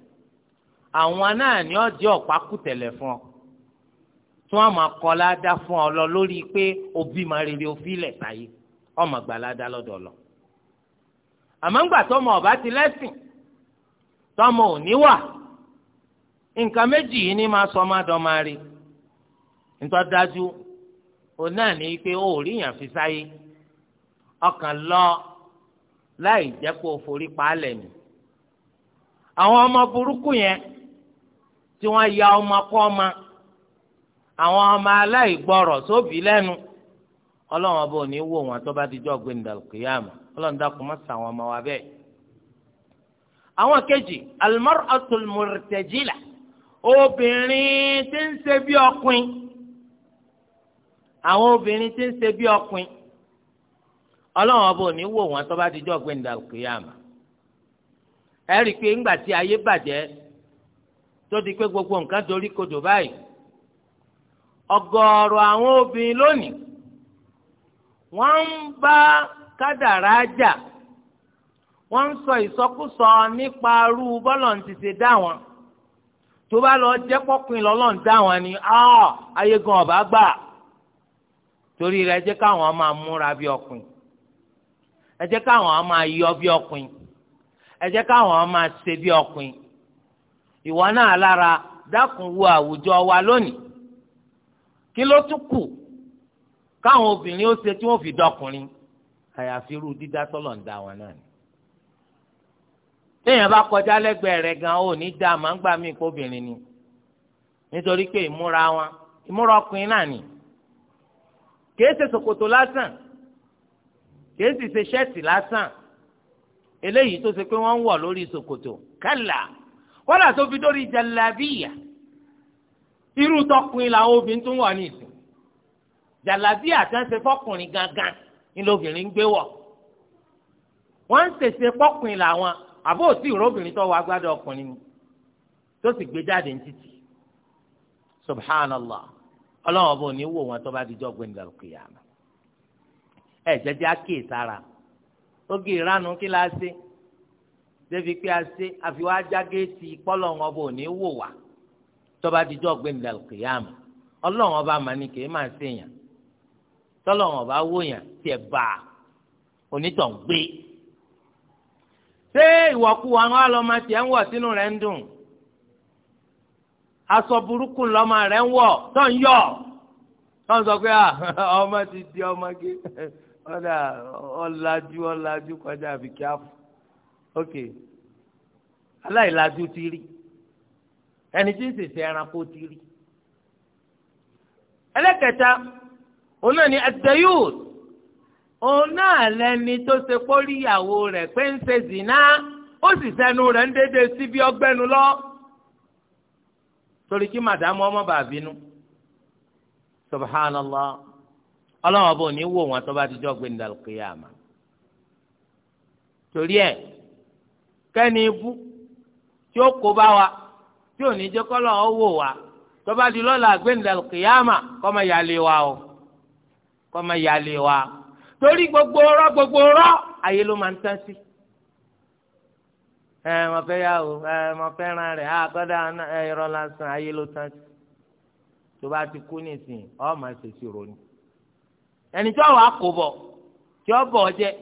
àwọn náà ni ọdí ọ̀pá kùtẹ̀lẹ̀ fún ọ tí wọ́n máa kọ́ ládá fún ọ lọ lórí pé òbí máa rere òfin ilẹ̀ sáyé ọmọ gbà ládá lọ́dọ̀ lọ àmọ́ ńgbà tọ́mọ ọba ti lẹ́sìn tọ́mọ ò níwà nǹkan méjì yìí ni máa sọ ọmọ àdọ́mọ rí i. nítorí dájú òun náà ní pé ó rí yàn fi sáyé ọkàn lọ láì jẹ́ kó o forí paálẹ̀ mi àwọn ọmọ burúkú yẹn tí wọ́n ya ọmọ kọ́ ọmọ àwọn ọmọ aláìgbọ́rọ̀ sóbì lẹ́nu ọlọ́run ọba ò ní wò wọn tó bá ti jọ gbé ndàlùkìyàmù ọlọ́run dákun má ṣà àwọn ọmọ wa bẹ́ẹ̀. àwọn kejì almar'atul murtajila obìnrin tí ń ṣe bí ọkùnrin àwọn obìnrin tí ń ṣe bí ọkùn ọlọ́run ọba ò ní wò wọ́n tó bá ti jọ́ gbẹ̀ǹdà kìyàmà ẹ rí i pé ńgbà tí ayé bàjẹ́ tó di pé gbogbo nǹkan dorí kodò báyìí ọ̀gọ̀ọ̀rọ̀ àwọn obìnrin lónìí wọ́n ń bá kádàrá jà wọ́n ń sọ ìsọkúsọ nípa arú bọ́lọ̀ ń ti dá wọn tó bá lọ jẹ́ pọ́pin lọ́lọ́ ń dá wọn ni ayé gan ọ̀bá gbà. torí rẹ̀ ẹ jẹ́ káwọn máa múra bí ọkùnrin ẹ jẹ́ káwọn máa yọ bí ọkùnrin ẹ jẹ́ káwọn máa ṣe bí ọkùnrin ìwọ náà lára dákun àwùjọ wa lónìí kí ló tún kù káwọn obìnrin ó ṣe tí wọ́n fi dọkùnrin àyàfi irú dídá tọlọ ń da wọn náà ni téèyàn bá kọjá lẹ́gbẹ̀ẹ́ rẹ̀ gan ò ní dá màá ń gbà mí kó obìnrin ni nítorí pé ìmúra wọn ìmúra ọkùnrin náà ni. kìí ṣe ṣòkòtò lásán kìí sì ṣe ṣẹ́ẹ̀tì lásán eléyìí tó ṣe pé wọ́n ń wọ̀ lórí ṣòkòtò kálá kọ́dà tó fi dórí jalabiya irú tọkùnrin làwọn obìnrin tó ń wọ̀ ní ìsìn jalabiya tó ń ṣe fọkùnrin gangan ni lóbìnrin ń gbé wọ̀ wọ́n ń ṣèṣe fọkùnrin làwọn àbó òsì ìrọ́bìnrin tó wọ agbádọ́ ọkùnrin ni tó sì gbé jáde ní títì subhanallah ọlọ́run ọba ò ní wò wọn tó bá di jọ́ gbẹ̀ndà kìyàmà ẹ jẹ́jẹ́ àkíyè sára oge ìranu kí la ṣe débi pé a ṣe àfiwá jágéètì pọ́lọ́run ọba ò ní wò wá tó bá di jọ́ gbẹ̀ndà kìyàmà ọlọ́run ọba màní kì í máa ṣe yàn tọ́lọ́run ọba wò yàn tiẹ̀ bá onítàn ṣé ìwọ̀kú àwọn ọlọ́mọ tiẹ̀ ń wọ̀ sínú rẹ̀ ń dùn aṣọ burúkú lọ́mọ rẹ̀ ń wọ̀ tó ń yọ̀ tó ń sọ pé ah, ọmọ ti di ọmọge ọ̀dà ọ̀làjú ọ̀làjú kọjá àbí kí á fò ok aláìlàjú ti rí ẹni tí ń sèse ẹranko ti rí ẹlẹ́kẹta òun náà ni àtẹ̀yùd òun náà lẹni tó ṣe póríyàwó rẹ̀ pé ń ṣe zìnnà ó sì sẹ́nu rẹ̀ ń dédé síbi ọgbẹ́nu lọ. torí kí màdàmú ọmọ bàá bínú subhanallah ọlọ́wọ́n bò ní wò wọn tó bá ti jọ gbé nílẹ̀ torí ẹ. kẹ́ni ibú tí ó kó bá tí ò ní jẹ́ kọ́lọ́ ọ wò tó bá di lọ́la gbé nílẹ̀ torí gbogbo gbogbo ayé ló ẹ mọ fẹ́ yà wò ẹ mọ fẹ́ ran rẹ̀ àkọ́dà ah, ẹ̀rọ lásán ayé ló tán tó bá ti kú nísìnyí ọ́ máa ṣèṣì ròní. ẹni tí ọ̀wá kò bọ̀ tí ọ bọ̀ jẹ́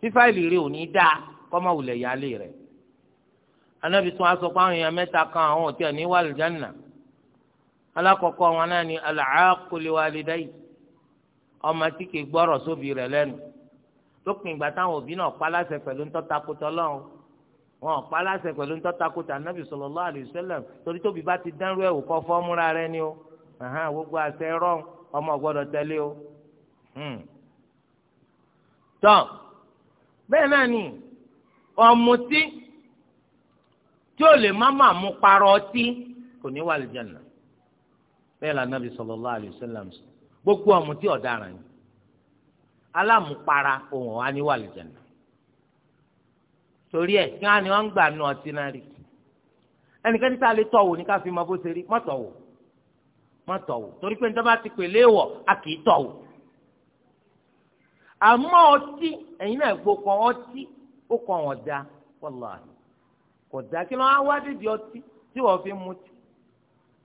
tí fáìlì rẹ̀ ò ní dáa kọ́mọ wulẹ̀ yálé rẹ̀. anábì tún aṣọ pa àwọn èèyàn mẹ́ta kan àwọn òtí ẹ̀ ní wàlùjánà alákọ̀ọ́kọ́ wọn náà ni alàákùlẹ̀wálidẹ́yì ọmọ tí kì í gbọ́rọ̀ sóbì rẹ̀ lẹ́nu lópin ìgbà táwọn òbí náà pa láṣẹ pẹ̀lú ńtọ́takùtọ̀ lọ́hùn wọn pa aláṣẹ pẹ̀lú ntọ́takùtà nàbì sallallahu alaihi wasallam torí tóbi bá ti dánrú ẹ̀wò kọ́ fọ́múra rẹ ni o gbogbo àṣẹ rọ́n ọmọ gbọ́dọ̀ tẹ́lẹ̀ o. Hmm. tọ́ bẹ́ẹ̀ náà ni ọ̀mùtí tí ò lè má má mú parọ́ ọtí kò ní wà lìjànà bẹ́ẹ̀ la nàbì sallallahu alaihi wasallam gbogbo ọ̀mùtí ọ̀daràn ni alámùpara òun wà ní wà lìjànà torí ẹ kí wọn ni wọn ń gbà nù ọtí náà rí ẹnikẹ́ni tá a lè tọ̀wò ní ká fi mọ bó ṣe rí mọ́ tọ̀wò mọ́ tọ̀wò torí pé nítorí bá ti pè léèwọ̀ a kì í tọ̀wò àmọ́ ọtí ẹ̀yin náà gbó kan ọtí ó kàn wọ́n da wàláhì kò dá kí ló wá wá dídì ọtí tí wọ́n fi mutí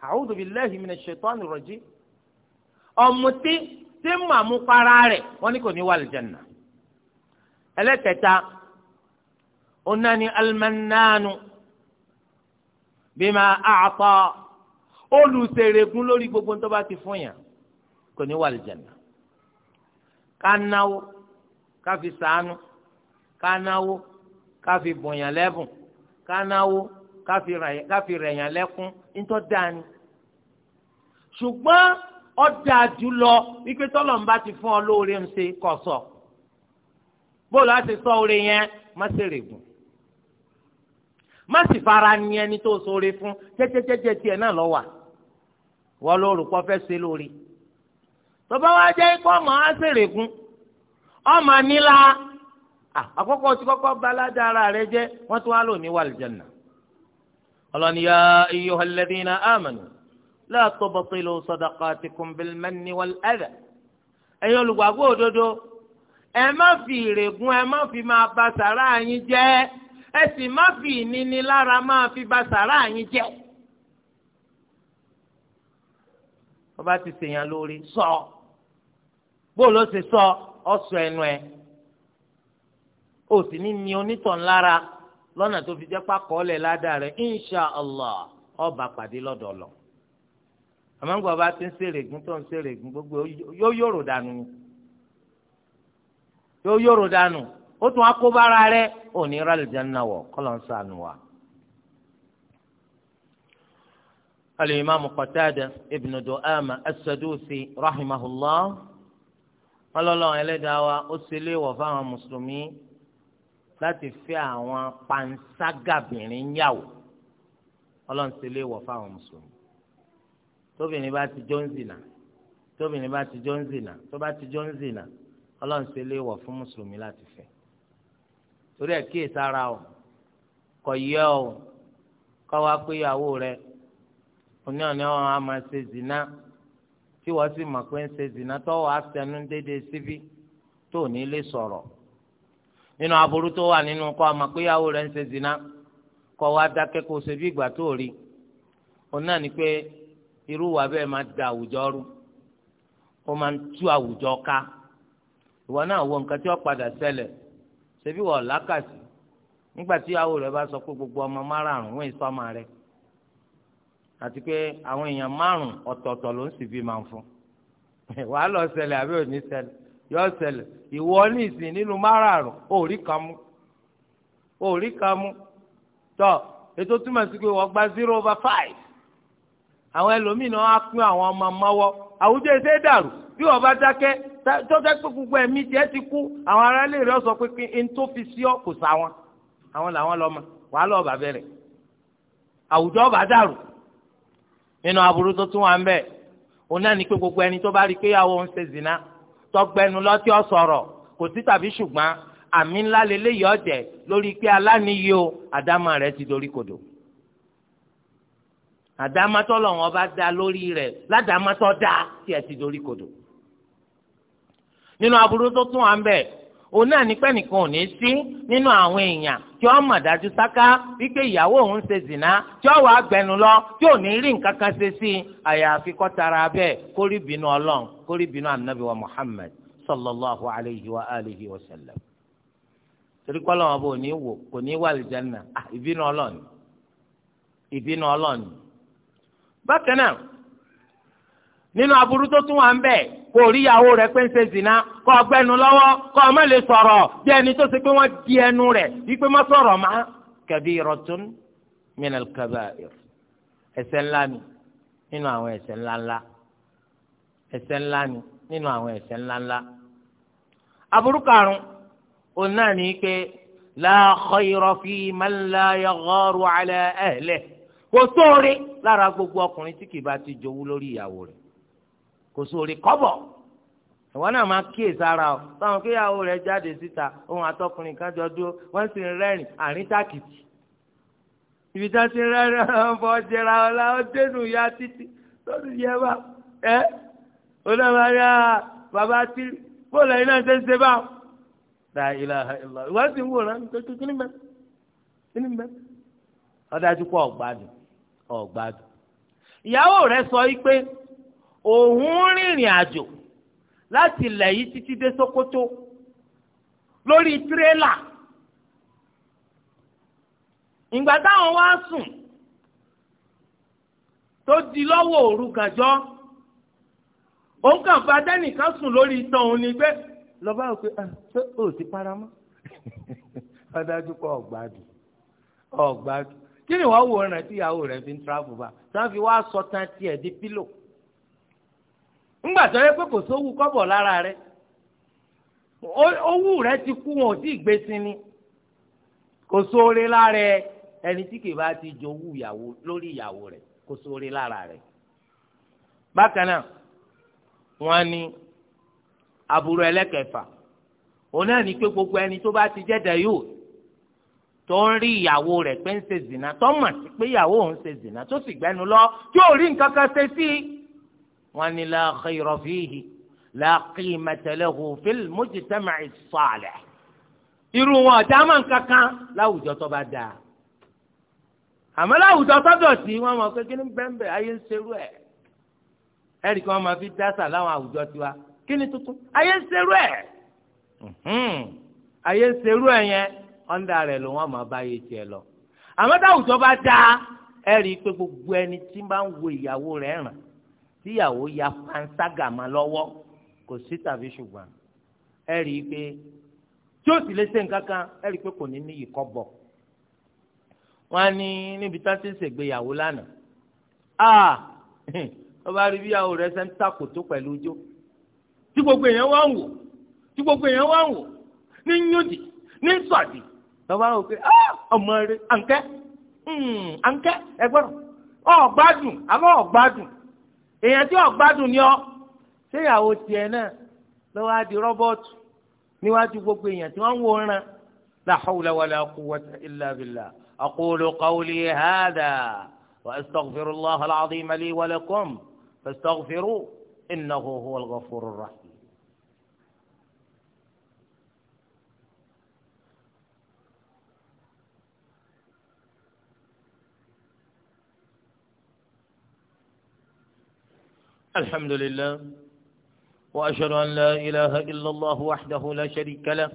a'udhu billahi minash shaitani rajim ọ̀mùtí tí màmú para rẹ̀ wọ́n ní kò ní wà lìjẹ̀nà ẹlẹ́kẹta onani almananu bima a'ta olùsèrègùn lórí gbogbo tó bá ti fún yàn kò ní wàlì jẹnà ká náwó ká fi sànú ká náwó ká fi bòyàn lẹ́bùn ká náwó ká fi rẹ̀yàn lẹ́kún ńtọ́ dání ṣùgbọ́n ọ̀dà jùlọ wípé tọ́lọ̀mùbá ti fún ọ lóore ń ṣe bóòlù á sọ oore yẹn má ṣèrègùn má sì fara ni ẹni tó sóore fún jẹjẹjẹjẹ tiẹ̀ náà lọ wà wọ́n lóru lori. ṣe lórí tọ́ba wa jẹ́ kó ọmọ á sèrè gún ọmọ nílá àkọ́kọ́ tí kọ́kọ́ balada ara rẹ jẹ́ wọ́n tún wá lò ní wàlìjẹ́nà ọlọ́ni ya ayyuhal ladhina amanu la tubtilu sadaqatikum bil manni wal adha ẹ̀yin olùgbàgbọ́ òdodo má fi ìrègùn má fi máa ba sàrà yín jẹ́ ẹ sì má fi ìnínilára máa fi ba sàrà yín ọba ti ṣèyàn lórí sọ bóòlù ó sọ ọsọ ẹnu ẹ o sì ní ní onítàn lára lọ́nà tó fi jẹ́ pàkọ́ọ́lẹ̀ ládàá rẹ̀ insha allah ọba pàdé lọ́dọ̀ lọ ọba ti ń ṣèrègùn tó ń ṣèrègùn gbogbo yóò yòrò dànù yóò yòrò dànù ó tún á kó bára rẹ̀ ò ní rà lìjánná wọ̀ kọ́lọ̀ ń sànù wa. الإمام قتادة ابن دؤامة السدوسي رحمه الله قال الله إلى دعوة أسلي وفاهم مسلمين láti fẹ́ àwọn panṣágàbìnrin yàwó ọlọ́run ti lé wọ̀ fáwọn mùsùlùmí tóbìnrin bá ti jó ń zìnà tóbìnrin bá ti jó tó bá ti jó ń zìnà ọlọ́run fún mùsùlùmí láti fẹ́. torí ẹ̀ kíyè sára o Kọ yẹ o kọwa wa pé ìyàwó rẹ oní ọ wọn a máa ṣe zina tí sì pé ń ṣe zina dédé síbí tó ní lè nínú aburú wà nínú rẹ ń ṣe zina kọ dákẹ́ kó ṣe bí ìgbà tó rí òun náà ni pé irú wa bẹ́ẹ̀ máa da àwùjọ rú ó máa tú àwùjọ ká ìwọ náà nǹkan tí padà ṣebí wọ́n làákàsì nígbà tí ìyàwó rẹ̀ bá sọ pé gbogbo ọmọ márààrún wọ́n èso ọmọ rẹ̀ àti pé àwọn èèyàn márùn ọ̀tọ̀ọ̀tọ̀ ló ń sì bí máa ń fún wàá lọ ṣẹlẹ̀ àbí òní ṣẹlẹ̀ yọ ṣẹlẹ̀ ìwọ ní ìsìn nínú márààrún òórí kan mú òórí kan mú tọ ètò túmọ̀ sí pé wọ́n gba zero over five àwọn ẹlòmíì náà á pín àwọn ọmọ mọ́wọ́ àwùjọ ìṣe dàrú bí wọ́n bá dákẹ́ tó jẹ́ pé gbogbo ẹ̀mí tiẹ̀ ti kú àwọn aráàlú rẹ̀ sọ pé kí n tó fi sí ọ kò sá wọn àwọn làwọn lọ mọ wàá lọ ọba bẹ̀rẹ̀ àwùjọ ọba dàrú nínú aburú tó tún wà ń bẹ òun náà ní pé gbogbo ẹni tó bá rí pé ìyàwó ń ṣe zina tọgbẹnu lọtí ọsọrọ kò sí tàbí ṣùgbọ́n àmì ńlá lélẹyìí ọjẹ lórí pé aláníyìí o àdámà rẹ̀ ti dorí kodò àdámátọ́ lọ́wọ́n bá dá lórí rẹ̀ ládàámátọ́ dá tí ti dorí kodò nínú aburú tó tún wà ń bẹ̀ òun náà ní pẹ́nìkan ò ní sí nínú àwọn èèyàn tí ó mọ̀ dájú sáká wípé ìyàwó òun ṣe zìnà tí ó wàá gbẹnu lọ tí ò ní rí nǹkan kan ṣe sí i àyàfi kọ́ tara bẹ́ẹ̀ kórì bínú ọlọ́run kórì bínú anabi wa muhammad sallallahu alayhi wa alihi wa sallam torí kọ́ lọ́wọ́ bò ní wò kò ní wà lìjánná ah, ìbínú ọlọ́run ìbínú ọlọ́run bákan náà nínú aburú tó tún wà ń bẹ kò rí ìyàwó rẹ̀ pé ń ṣe zina kó ọgbẹ́nu lọ́wọ́ kó ọmọ lè sọ̀rọ̀ bí ẹni tó ṣe pé wọ́n di ẹnu rẹ̀ wípé má sọ̀rọ̀ má kabiratun minal kabair ẹ̀ṣẹ̀ ńlá ni nínú àwọn ẹ̀ṣẹ̀ ńláńlá ẹ̀ṣẹ̀ ńlá ni nínú àwọn ẹ̀ṣẹ̀ ńláńlá. aburú karùn òun náà ní pé la khayra fi man la yagharu kò sóore lára gbogbo ọkùnrin tí kì bá ti jowú lórí ìyàwó rẹ̀ kò sóore kọ́bọ̀ ìwọ́n náà máa kíyè sára o táwọn kíyàwó rẹ̀ jáde síta ohun àtọkùnrin kan jọ dúró wọ́n sì ń rẹ́rìn àrín tàkìtì ibi tí wọ́n ti ń rẹ́rìn ọ̀bọ̀ jẹra ọ̀la ó dénú ya títí lórí yẹ bá ẹ́ onáwárí bàbá tí bóòlù ẹ̀yin náà ṣe ń ṣe bá la ilaha illallah ìwọ́n sì ń wò rán kékeré kí ni bẹ́ẹ̀ kí ni bẹ́ẹ̀ ọ̀dájú kọ́ ọ̀gbádùn ọ̀gbádùn ìyàwó rẹ̀ sọ yìí pé òun rìnrìn àjò láti ilẹ̀ yìí títí dé Sókótó lórí tirẹ́là ìgbà táwọn wá sùn tó di lọ́wọ́ òru gàjọ́ òun kàn fà dẹ́nìkan sùn lórí itan òun ni pé lọ́ba ò pé ah, ṣé o ti para mọ́ ọ̀dájú kọ́ ọ̀gbádùn ọ̀gbádùn kí ni wàá wò ọ̀ràn tí ìyàwó rẹ̀ fi ń tíráfù bá tí wọ́n fi wá sọ tán tiẹ̀ di pílò ńgbà tó yẹ pé kò sówú kọ́bọ̀ lára rẹ̀ owú rẹ̀ ti kú wọn ò tí ì gbé sinmi kò sóore lára ẹni tí kì bá ti jowú ìyàwó lórí ìyàwó rẹ̀ kò sóore lára rẹ̀ bákan náà wọ́n ní aburú ẹlẹ́kẹfà òun náà ní pé gbogbo ẹni tó bá ti jẹ́ dayúù tó ń rí ìyàwó rẹ̀ pé ń ṣe zina tó mọ̀ sí pé ìyàwó òun ṣe zìnà tó sì gbẹ́nu lọ tí ò rí nǹkan kan ṣe sí i wọ́n ní la khayra fihi la qimata lahu fil mujtama'i salih irú wọn ọ̀tá máa ń kankan láwùjọ tó bá dáa àmọ́ láwùjọ tó dọ̀tí wọ́n mọ̀ pé kí ni bẹ́ẹ̀ ayé ń serú ẹ̀ ẹ̀rì kan máa fi dáṣà láwọn àwùjọ tiwa kí tuntun ayé ń serú ẹ̀ ayé ń serú ẹ̀ yẹn ọ̀ndà rẹ̀ ló wọ́n máa bá yé tiẹ̀ lọ àmọ́ táwùjọ bá dáa ẹ̀rì pé gbogbo ẹni tí ń bá ń wo ìyàwó rẹ̀ ràn tíyàwó ya panṣágàmà lọ́wọ́ kò sí tàbí ṣùgbọ́n ẹ rí i pé tí ó sì lè ṣe nǹkan kan ẹ rí i pé kò ní ní ìkọ́ bọ̀ wọ́n á ní níbi tá a ti ṣègbéyàwó lánàá ah wọ́n bá rí bí ìyàwó rẹ̀ ṣe ń takòtó pẹ̀lú ijó tí gbogbo èèyàn wá ń wò tí gbogbo èèyàn wá ń wò ní yóòdì ní sọ̀dì lọ́wọ́ àwọn òkè ah! ọmọ rẹ̀ ànkẹ́ hmm, ànkẹ́ ẹgbẹ́rún ọ̀gbádùn àbọ̀ ọ̀gbádùn èèyàn tí ọ̀gbádùn ni ọ ṣéyàwó tiẹ̀ náà lọ́wọ́ á di rọ́bọ́ọ̀tù níwájú gbogbo èèyàn tí wọ́n ń wòran la hawla wala quwwata illa billah aqulu qawli hadha wa astaghfirullaha al-azima li wa lakum fastaghfiruhu innahu huwal الحمد لله وأشهد أن لا إله إلا الله وحده لا شريك له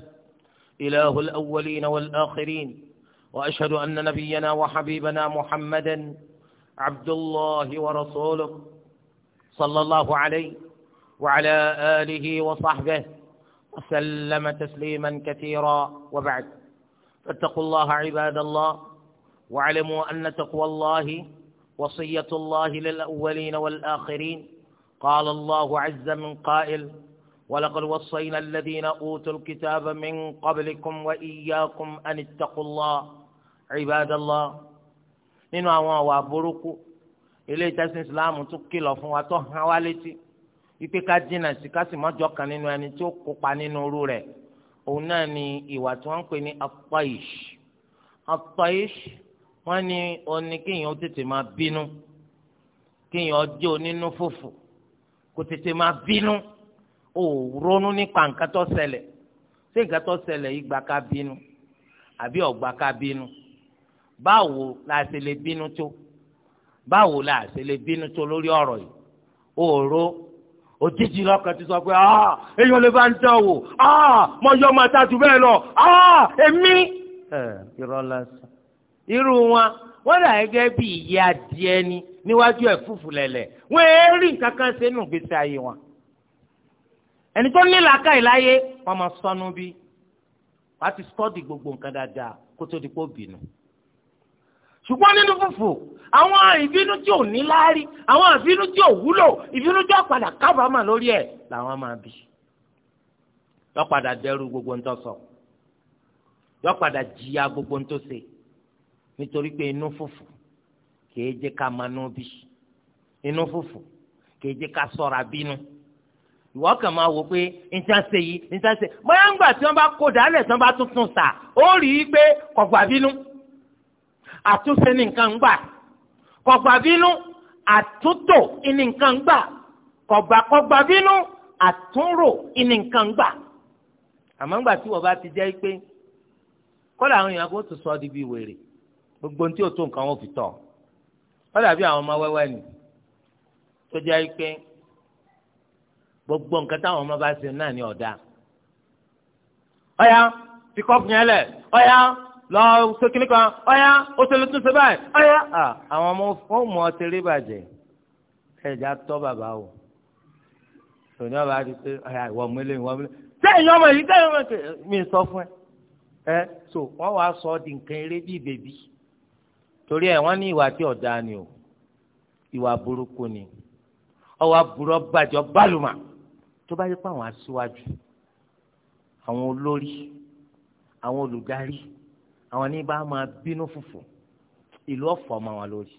إله الأولين والآخرين وأشهد أن نبينا وحبيبنا محمدا عبد الله ورسوله صلى الله عليه وعلى آله وصحبه وسلم تسليما كثيرا وبعد فاتقوا الله عباد الله واعلموا أن تقوى الله وصية الله للأولين والآخرين قال الله عز من قائل ولقد وصينا الذين أوتوا الكتاب من قبلكم وإياكم أن اتقوا الله عباد الله nínú àwọn àwà burúkú ilé ìtẹ́sí islam tún kìlọ̀ fún wa tó hàn wá létí wípé ká jìnnà sí ká sì mọ́jọ́ kan nínú ẹni tí ó kópa nínú irú rẹ̀ òun náà ni ìwà tí wọ́n ń pè ní apaish apaish wọ́n ní oní kéèyàn ó tètè máa bínú kéèyàn ó jẹ́ onínú fòfò kò tètè máa bínú ò ronú nípa nǹkan tó ṣẹlẹ̀ ṣé nǹkan tó ṣẹlẹ̀ yìí gba ká bínú àbí ọ̀gbà ká bínú báwo la ṣe lè bínú tó báwo la ṣe lè bínú tó lórí ọ̀rọ̀ yìí òòró òjijì lọkàn ti sọ pé èèyàn lè bá ń dán wò mọ yọ ọmọ àtàtù bẹ́ẹ̀ lọ èmi. ẹ irọ́ lásán irú wọn wọ́n dà gẹ́gẹ́ bí ìyá adìẹ ni níwájú ẹ̀fúfù lẹ̀lẹ̀ wọ́n ẹ̀ rí nǹkan kan sínú gbèsè ayé wọn. ẹni tó ní làákàyè láyé wọ́n máa sọnù bí wọ́n ti sọ́ọ̀dì gbogbo nǹkan dáadáa kó tó di pé ó bínú. ṣùgbọ́n nínú fùfù àwọn ìbínú tí ò ní láárí àwọn ìbínú tí ò wúlò ìbínú tí ò kábàámà lórí ẹ̀ làwọn máa bí. yọ dẹrù gbogbo ń tọ́ sọ yọ jìyà gbogbo ń tó ṣe nítorí pé inú fùfù kìí jẹ́ ká máa nú bí inú fùfù kìí jẹ́ ká sọ̀ra bínú ìwọ kàn máa wò pé níta ṣe yìí níta ṣe bóyá ńgbà tí wọ́n bá kó dálẹ̀ tí wọ́n bá tuntun sà ó rí i pé kọ̀gbà bínú àtúnṣe ní nǹkan ń gbà kọ̀gbà bínú àtúntò ní nǹkan ń gbà kọ̀gbà kọ̀gbà bínú àtúnrò ní nǹkan ń gbà àmọ́ ńgbà tí wọ́n bá ti jẹ́ pé kọ́lá àwọn èèyàn kò tún sọ ọ́ di bíi wèrè gbogbo tí o tó nǹkan wọn fi tọ̀ ọ dàbí àwọn ọmọ wẹ́wẹ́ ni tó jẹ́ pé gbogbo nǹkan táwọn ọmọ bá ṣe náà ni ọ̀dà ọ̀yá fi kọ́ọ̀pù yẹn lẹ̀ ọ̀yá lọ ṣe kíní kan ọ̀yá ó ṣe lè tún ṣe báyìí ọ̀yá àwọn ọmọ fóònù ọtí rí bàjẹ́ ẹ̀já tọ́ bàbá o tòní ọba rí pé ọ̀yá ìwọ ọmọ ìwọ ọmọ eléyìí sẹ́yìn ọmọ yìí sẹ́yìn ọmọ yìí mi sọ fún ẹ ẹ so wọ́n wá sọ ọ́ di nǹkan eré bíi bèbí torí ẹ̀ wọ́n ní ìwà tí ọ̀dà ni o ìwà burúkú ni ọwọ́ aburọ́ bàjọ́ bálùmà tó bá yẹ pé àwọn aṣíwájú àwọn olórí àwọn olùdarí àwọn ní bá máa bínú fùfù ìlú ọ̀fọ̀ mọ́ wọn lórí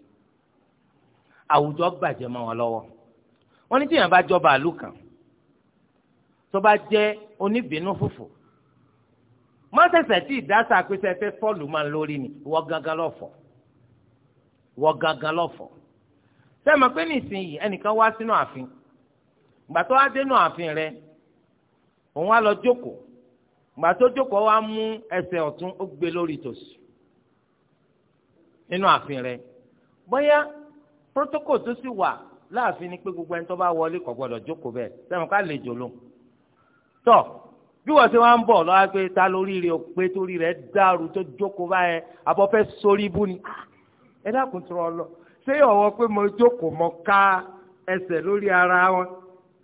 àwùjọ bàjẹ́ mọ́ wọn lọ́wọ́ wọ́n ní tíyẹn bá jọba àlù kan tó bá jẹ́ oníbínú fùfù má tẹ̀sẹ̀ tí ìdásà pé tẹ́tẹ́ fọ́ọ̀lù máa lórí ni ìwọ gangan lọ́fọ̀ọ́ wọ gangan lọ́fọ̀ sẹ́mi pé nísìnyí ẹnìkan wá sínú ààfin gbà tó wá dénú ààfin rẹ̀ òun wá lọ jókòó gbà tó jókòó wá mú ẹsẹ̀ ọ̀tún ó gbé lórí tòsì nínú ààfin rẹ̀ bóyá protocol tó sì wà láàfin ni pé gbogbo ẹni tó bá wọlé kò gbọdọ̀ jókòó bẹ́ẹ̀ sẹ́mi ká lè jòló tọ́ bí wọ́n ṣe wá ń bọ̀ lọ́wọ́ pé ta lórí rẹ̀ pé torí rẹ̀ dàrú tó jókòó báyẹn abọ́ fẹ́ sórí bú ni ẹ dákun tó ọ lọ ṣé ọwọ́ pé mo jókòó mo ká ẹsẹ̀ lórí ara wọn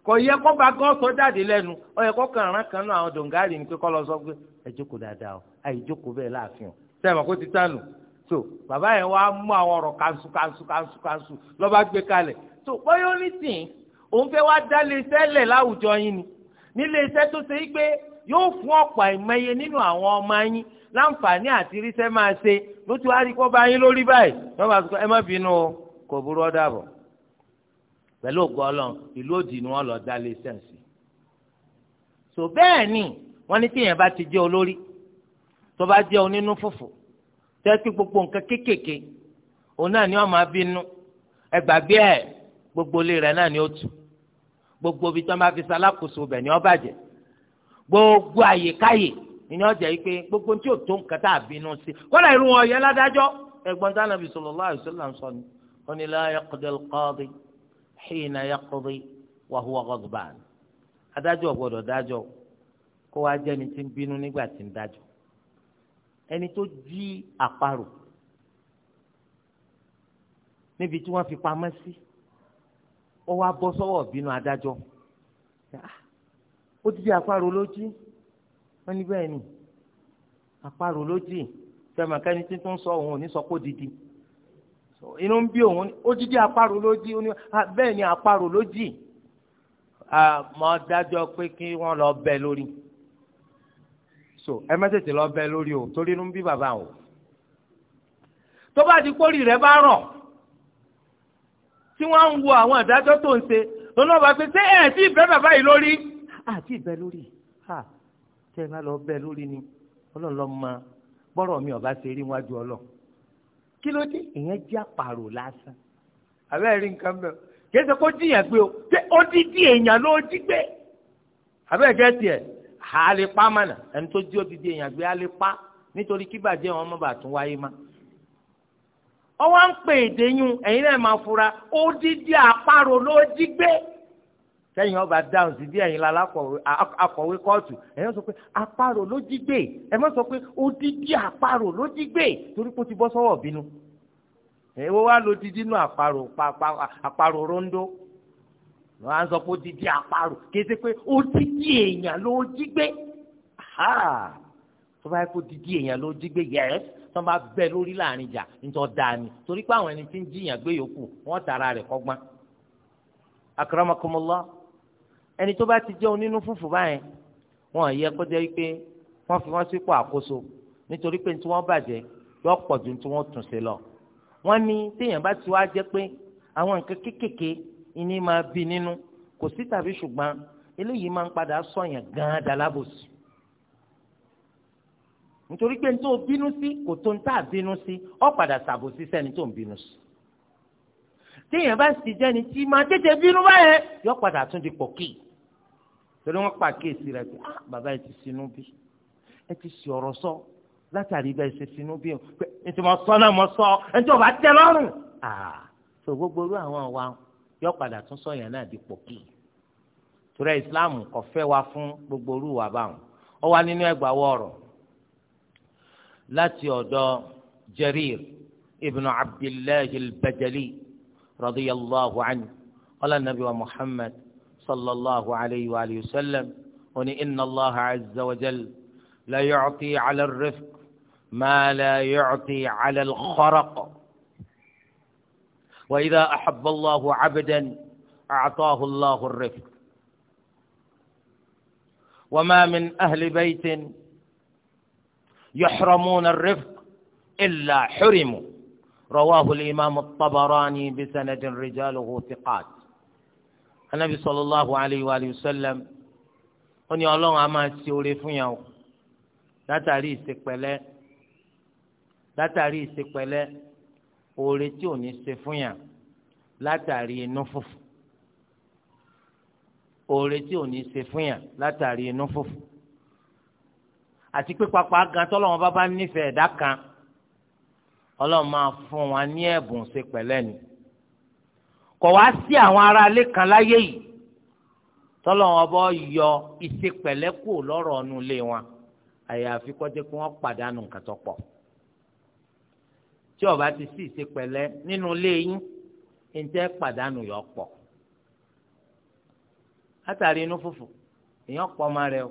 kò yẹ kó bá gán sọ jáde lẹ́nu ó yẹ kó kàn rán kan náà àwọn dòǹgárì ni pé kó lọ sọ pé ẹ jókòó dáadáa o àyè jókòó bẹ́ẹ̀ láàfin o sẹ́wọ̀n kó ti tánu so bàbá yẹn wá mú àwọn ọ̀rọ̀ kanṣu kanṣu kanṣu kanṣu lọ́ba gbé kalẹ̀ so bóyá ó ní tìǹ òun fẹ́ wá dá iléeṣẹ́ lẹ̀ láwùjọ yín ni níléeṣẹ́ tó ṣe é gbé yóò fún ọ̀pọ̀ àìmọye nínú àwọn ọmọ yín láǹfààní àti irísẹ́ máa ṣe ló ti wá rí kó bá yín lórí báyìí wọ́n bá sọ ẹ má bínú o kò burú ọ̀dà bọ̀ pẹ̀lú ògbọ́ ọlọ́run ìlú òdì ni wọ́n lọ dá lé sẹ́ǹsì. sò bẹ́ẹ̀ ni wọ́n ní tíyẹn bá ti jẹ́ olórí tó bá jẹ́ onínú fùfù tẹ́tí gbogbo nǹkan kéékèèké òun náà ni wọ́n máa bínú ẹ gbàgbé ẹ̀ gbogbo ilé rẹ̀ náà ni ó tù gbogbo ibi tí wọ́n bá fi ṣalákòóso bẹ̀ ìní ọjà yìí pé gbogbo tí ò tó nǹkan tá a bínú sí kọ́lá irú wọn yẹ ládájọ́ ẹ̀gbọ́n tá nàbì sallallahu alaihi wasallam sọ ni wọn ni la yaqdi al-qadi hina yaqdi wa huwa ghadban adájọ́ gbọ́dọ̀ dájọ́ kó wá jẹ́ni tí ń bínú nígbà tí ń dájọ́ ẹni tó jí àparò níbi tí wọ́n fi pamọ́ sí ó wá sọ́wọ́ bínú adájọ́ ó ti di àparò lójú wọ́n ní bẹ́ẹ̀ ni àparò ló dì fẹ́mi akẹ́ni tí tún sọ òun ò ní sọ kó didi inú ń bí òun odidi àparò ló dì bẹ́ẹ̀ ni àparò ló dì mọ dájọ́ pé kí wọ́n lọ bẹ lórí so ẹ má tètè lọ bẹ lórí o torí inú ń bí bàbá o tó bá di kórì rẹ bá rọ̀ tí wọ́n ń wo àwọn àdájọ́ tó ń ṣe lọ́nà bá pé ṣé ẹ̀ ti bẹ́ bàbá yìí lórí àti ìbẹ́ lórí ha. tẹ́ ẹ bá lọ bẹ́ẹ̀ lórí ni ọlọ́run lọ́ máa bọ́rọ̀ mi ọba ṣe rí wájú ọlọ kí ló dé ìyẹn jẹ́ àpàrò lásán àbẹ́rẹ́ rí nǹkan bẹ́ẹ̀ kìí ṣe kó jiyàn gbé o ṣé ó di di èèyàn ló jí gbé àbẹ́rẹ́ jẹ́ tiẹ̀ àlè pa ẹni tó jí ó di di èèyàn gbé àlè nítorí kí bàjẹ́ wọn mọ̀ bá tún wáyé má ọwọ́ ń pè é déyún ẹ̀yin náà máa fura ó di di àpàrò ló jí gbé sẹ́yìn ọba dáhùn sí bí ẹ̀yin la akọ̀wé kóòtù ẹ̀yin sọ pé àparò ló jí gbé ẹ̀ mọ́ sọ pé odidi àparò ló jí gbé torí kó ti bọ́ sọ́wọ́ bínú èwo wá lo didi nù àparò àparò rondo wọ́n á sọ pé odidi àparò kété pé odidi èèyàn ló jí gbé tó bá yẹ kó odidi èèyàn ló jí gbé yẹ tó bá bẹ lórí láàrin jà nítorí dáa ni torí pé àwọn ẹni tí ń jiyàn gbé yòókù wọ́n tara rẹ̀ kọ́gbọ́n akramakumullah ẹni tó bá ti jẹ́ onínú fúnfún báyẹn wọn yẹ kó jẹ́ pé wọ́n fi wọ́n sípò àkóso nítorí pé tí wọ́n bàjẹ́ yọ pọ̀ ju tí wọ́n tún ṣe lọ. wọ́n ní téèyàn bá ti wá jẹ́ pé àwọn nǹkan kéékèèké ìní máa bí nínú kò sí tàbí ṣùgbọ́n eléyìí máa ń padà sọ̀yàn gan-an dalábòsì. nítorí pé tó bínú sí kò tó ń tà bínú sí ọ̀ padà ṣàbòsí sẹ́ni tó ń bínú sí téèyàn bá sì jẹ́ni tí máa tètè bínú báyẹn yọ padà tún di pọ̀kì torí wọ́n pàkíyèsí rẹ̀ pé ah bàbá ẹ ti sinú bí ẹ ti sì ọ̀rọ̀ sọ látàrí bẹ́ẹ̀ ṣe sinú bí pé ètò mọ̀ sọ náà mọ̀ sọ ẹni tó bá tẹ lọ́rùn ah tó gbogbo irú àwọn wa yọ padà tún sọ yẹn náà di pọ̀kì torí Islam kò fẹ́ wa fún gbogbo irú wa báwọn ó wà nínú ẹgbàá wọ̀ọ̀rọ̀ láti ọ̀dọ̀ Jarir ibn Abdullahi al-Bajali. رضي الله عنه قال النبي محمد صلى الله عليه وآله وسلم إن الله عز وجل لا يعطي على الرفق ما لا يعطي على الخرق وإذا أحب الله عبدا أعطاه الله الرفق وما من أهل بيت يحرمون الرفق إلا حرموا رواه الإمام الطبراني بسند رجاله ثقات النبي صلى الله عليه وآله وسلم أن يقولون أما سيولي فنيو لا تاري سيكبلي لا تاري سيكبلي oore tí ò ní ṣe fún yàn látàrí inú fùfù oore tí ò ní ṣe fún yàn látàrí inú ọlọ́run máa fún wa ní ẹ̀bùn ṣe pẹ̀lẹ́ ni kò wá sí àwọn ará ilé kan láyé yìí tọ́lọ́wọ́n bọ́ yọ ìṣepẹ̀lẹ́ kù lọ́rọ̀ ọ̀nù ilé wọn àyàfi kọ́jẹ́ kí wọ́n pàdánù nǹkan tó pọ̀ tí ó ti sí ìṣepẹ̀lẹ́ nínú ilé yín ń tẹ́ pàdánù yọ pọ̀ látàrí inú fùfù èèyàn pọ̀ ọmọ rẹ o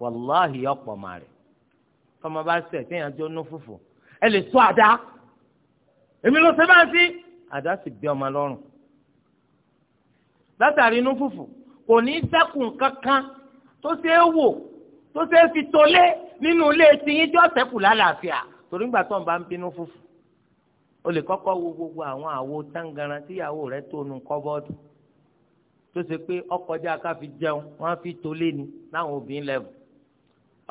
wàláhì yọ pọ̀ ọmọ rẹ tọmọ bá ṣẹ̀ téèyàn jó inú fùfù ẹ lè sọ àdá èmi ló ṣe báyìí sí àdá sì gbé ọmọ lọ́rùn látàrí inú fùfù kò ní sẹ́kùn kankan tó ṣe é wò tó ṣe é fi tolé nínú ilé tiyín jọ́ sẹ́kù lálàáfíà torí ńgbà tó ń bá ń bínú fùfù o lè kọ́kọ́ wo gbogbo àwọn àwo tangaran tíyàwó rẹ tó nu kọ́bọ́ọ̀dù tó ṣe pé ọkọjá ká fi jẹun wọ́n á fi tolé ni láwọn obìnrin lẹ́bù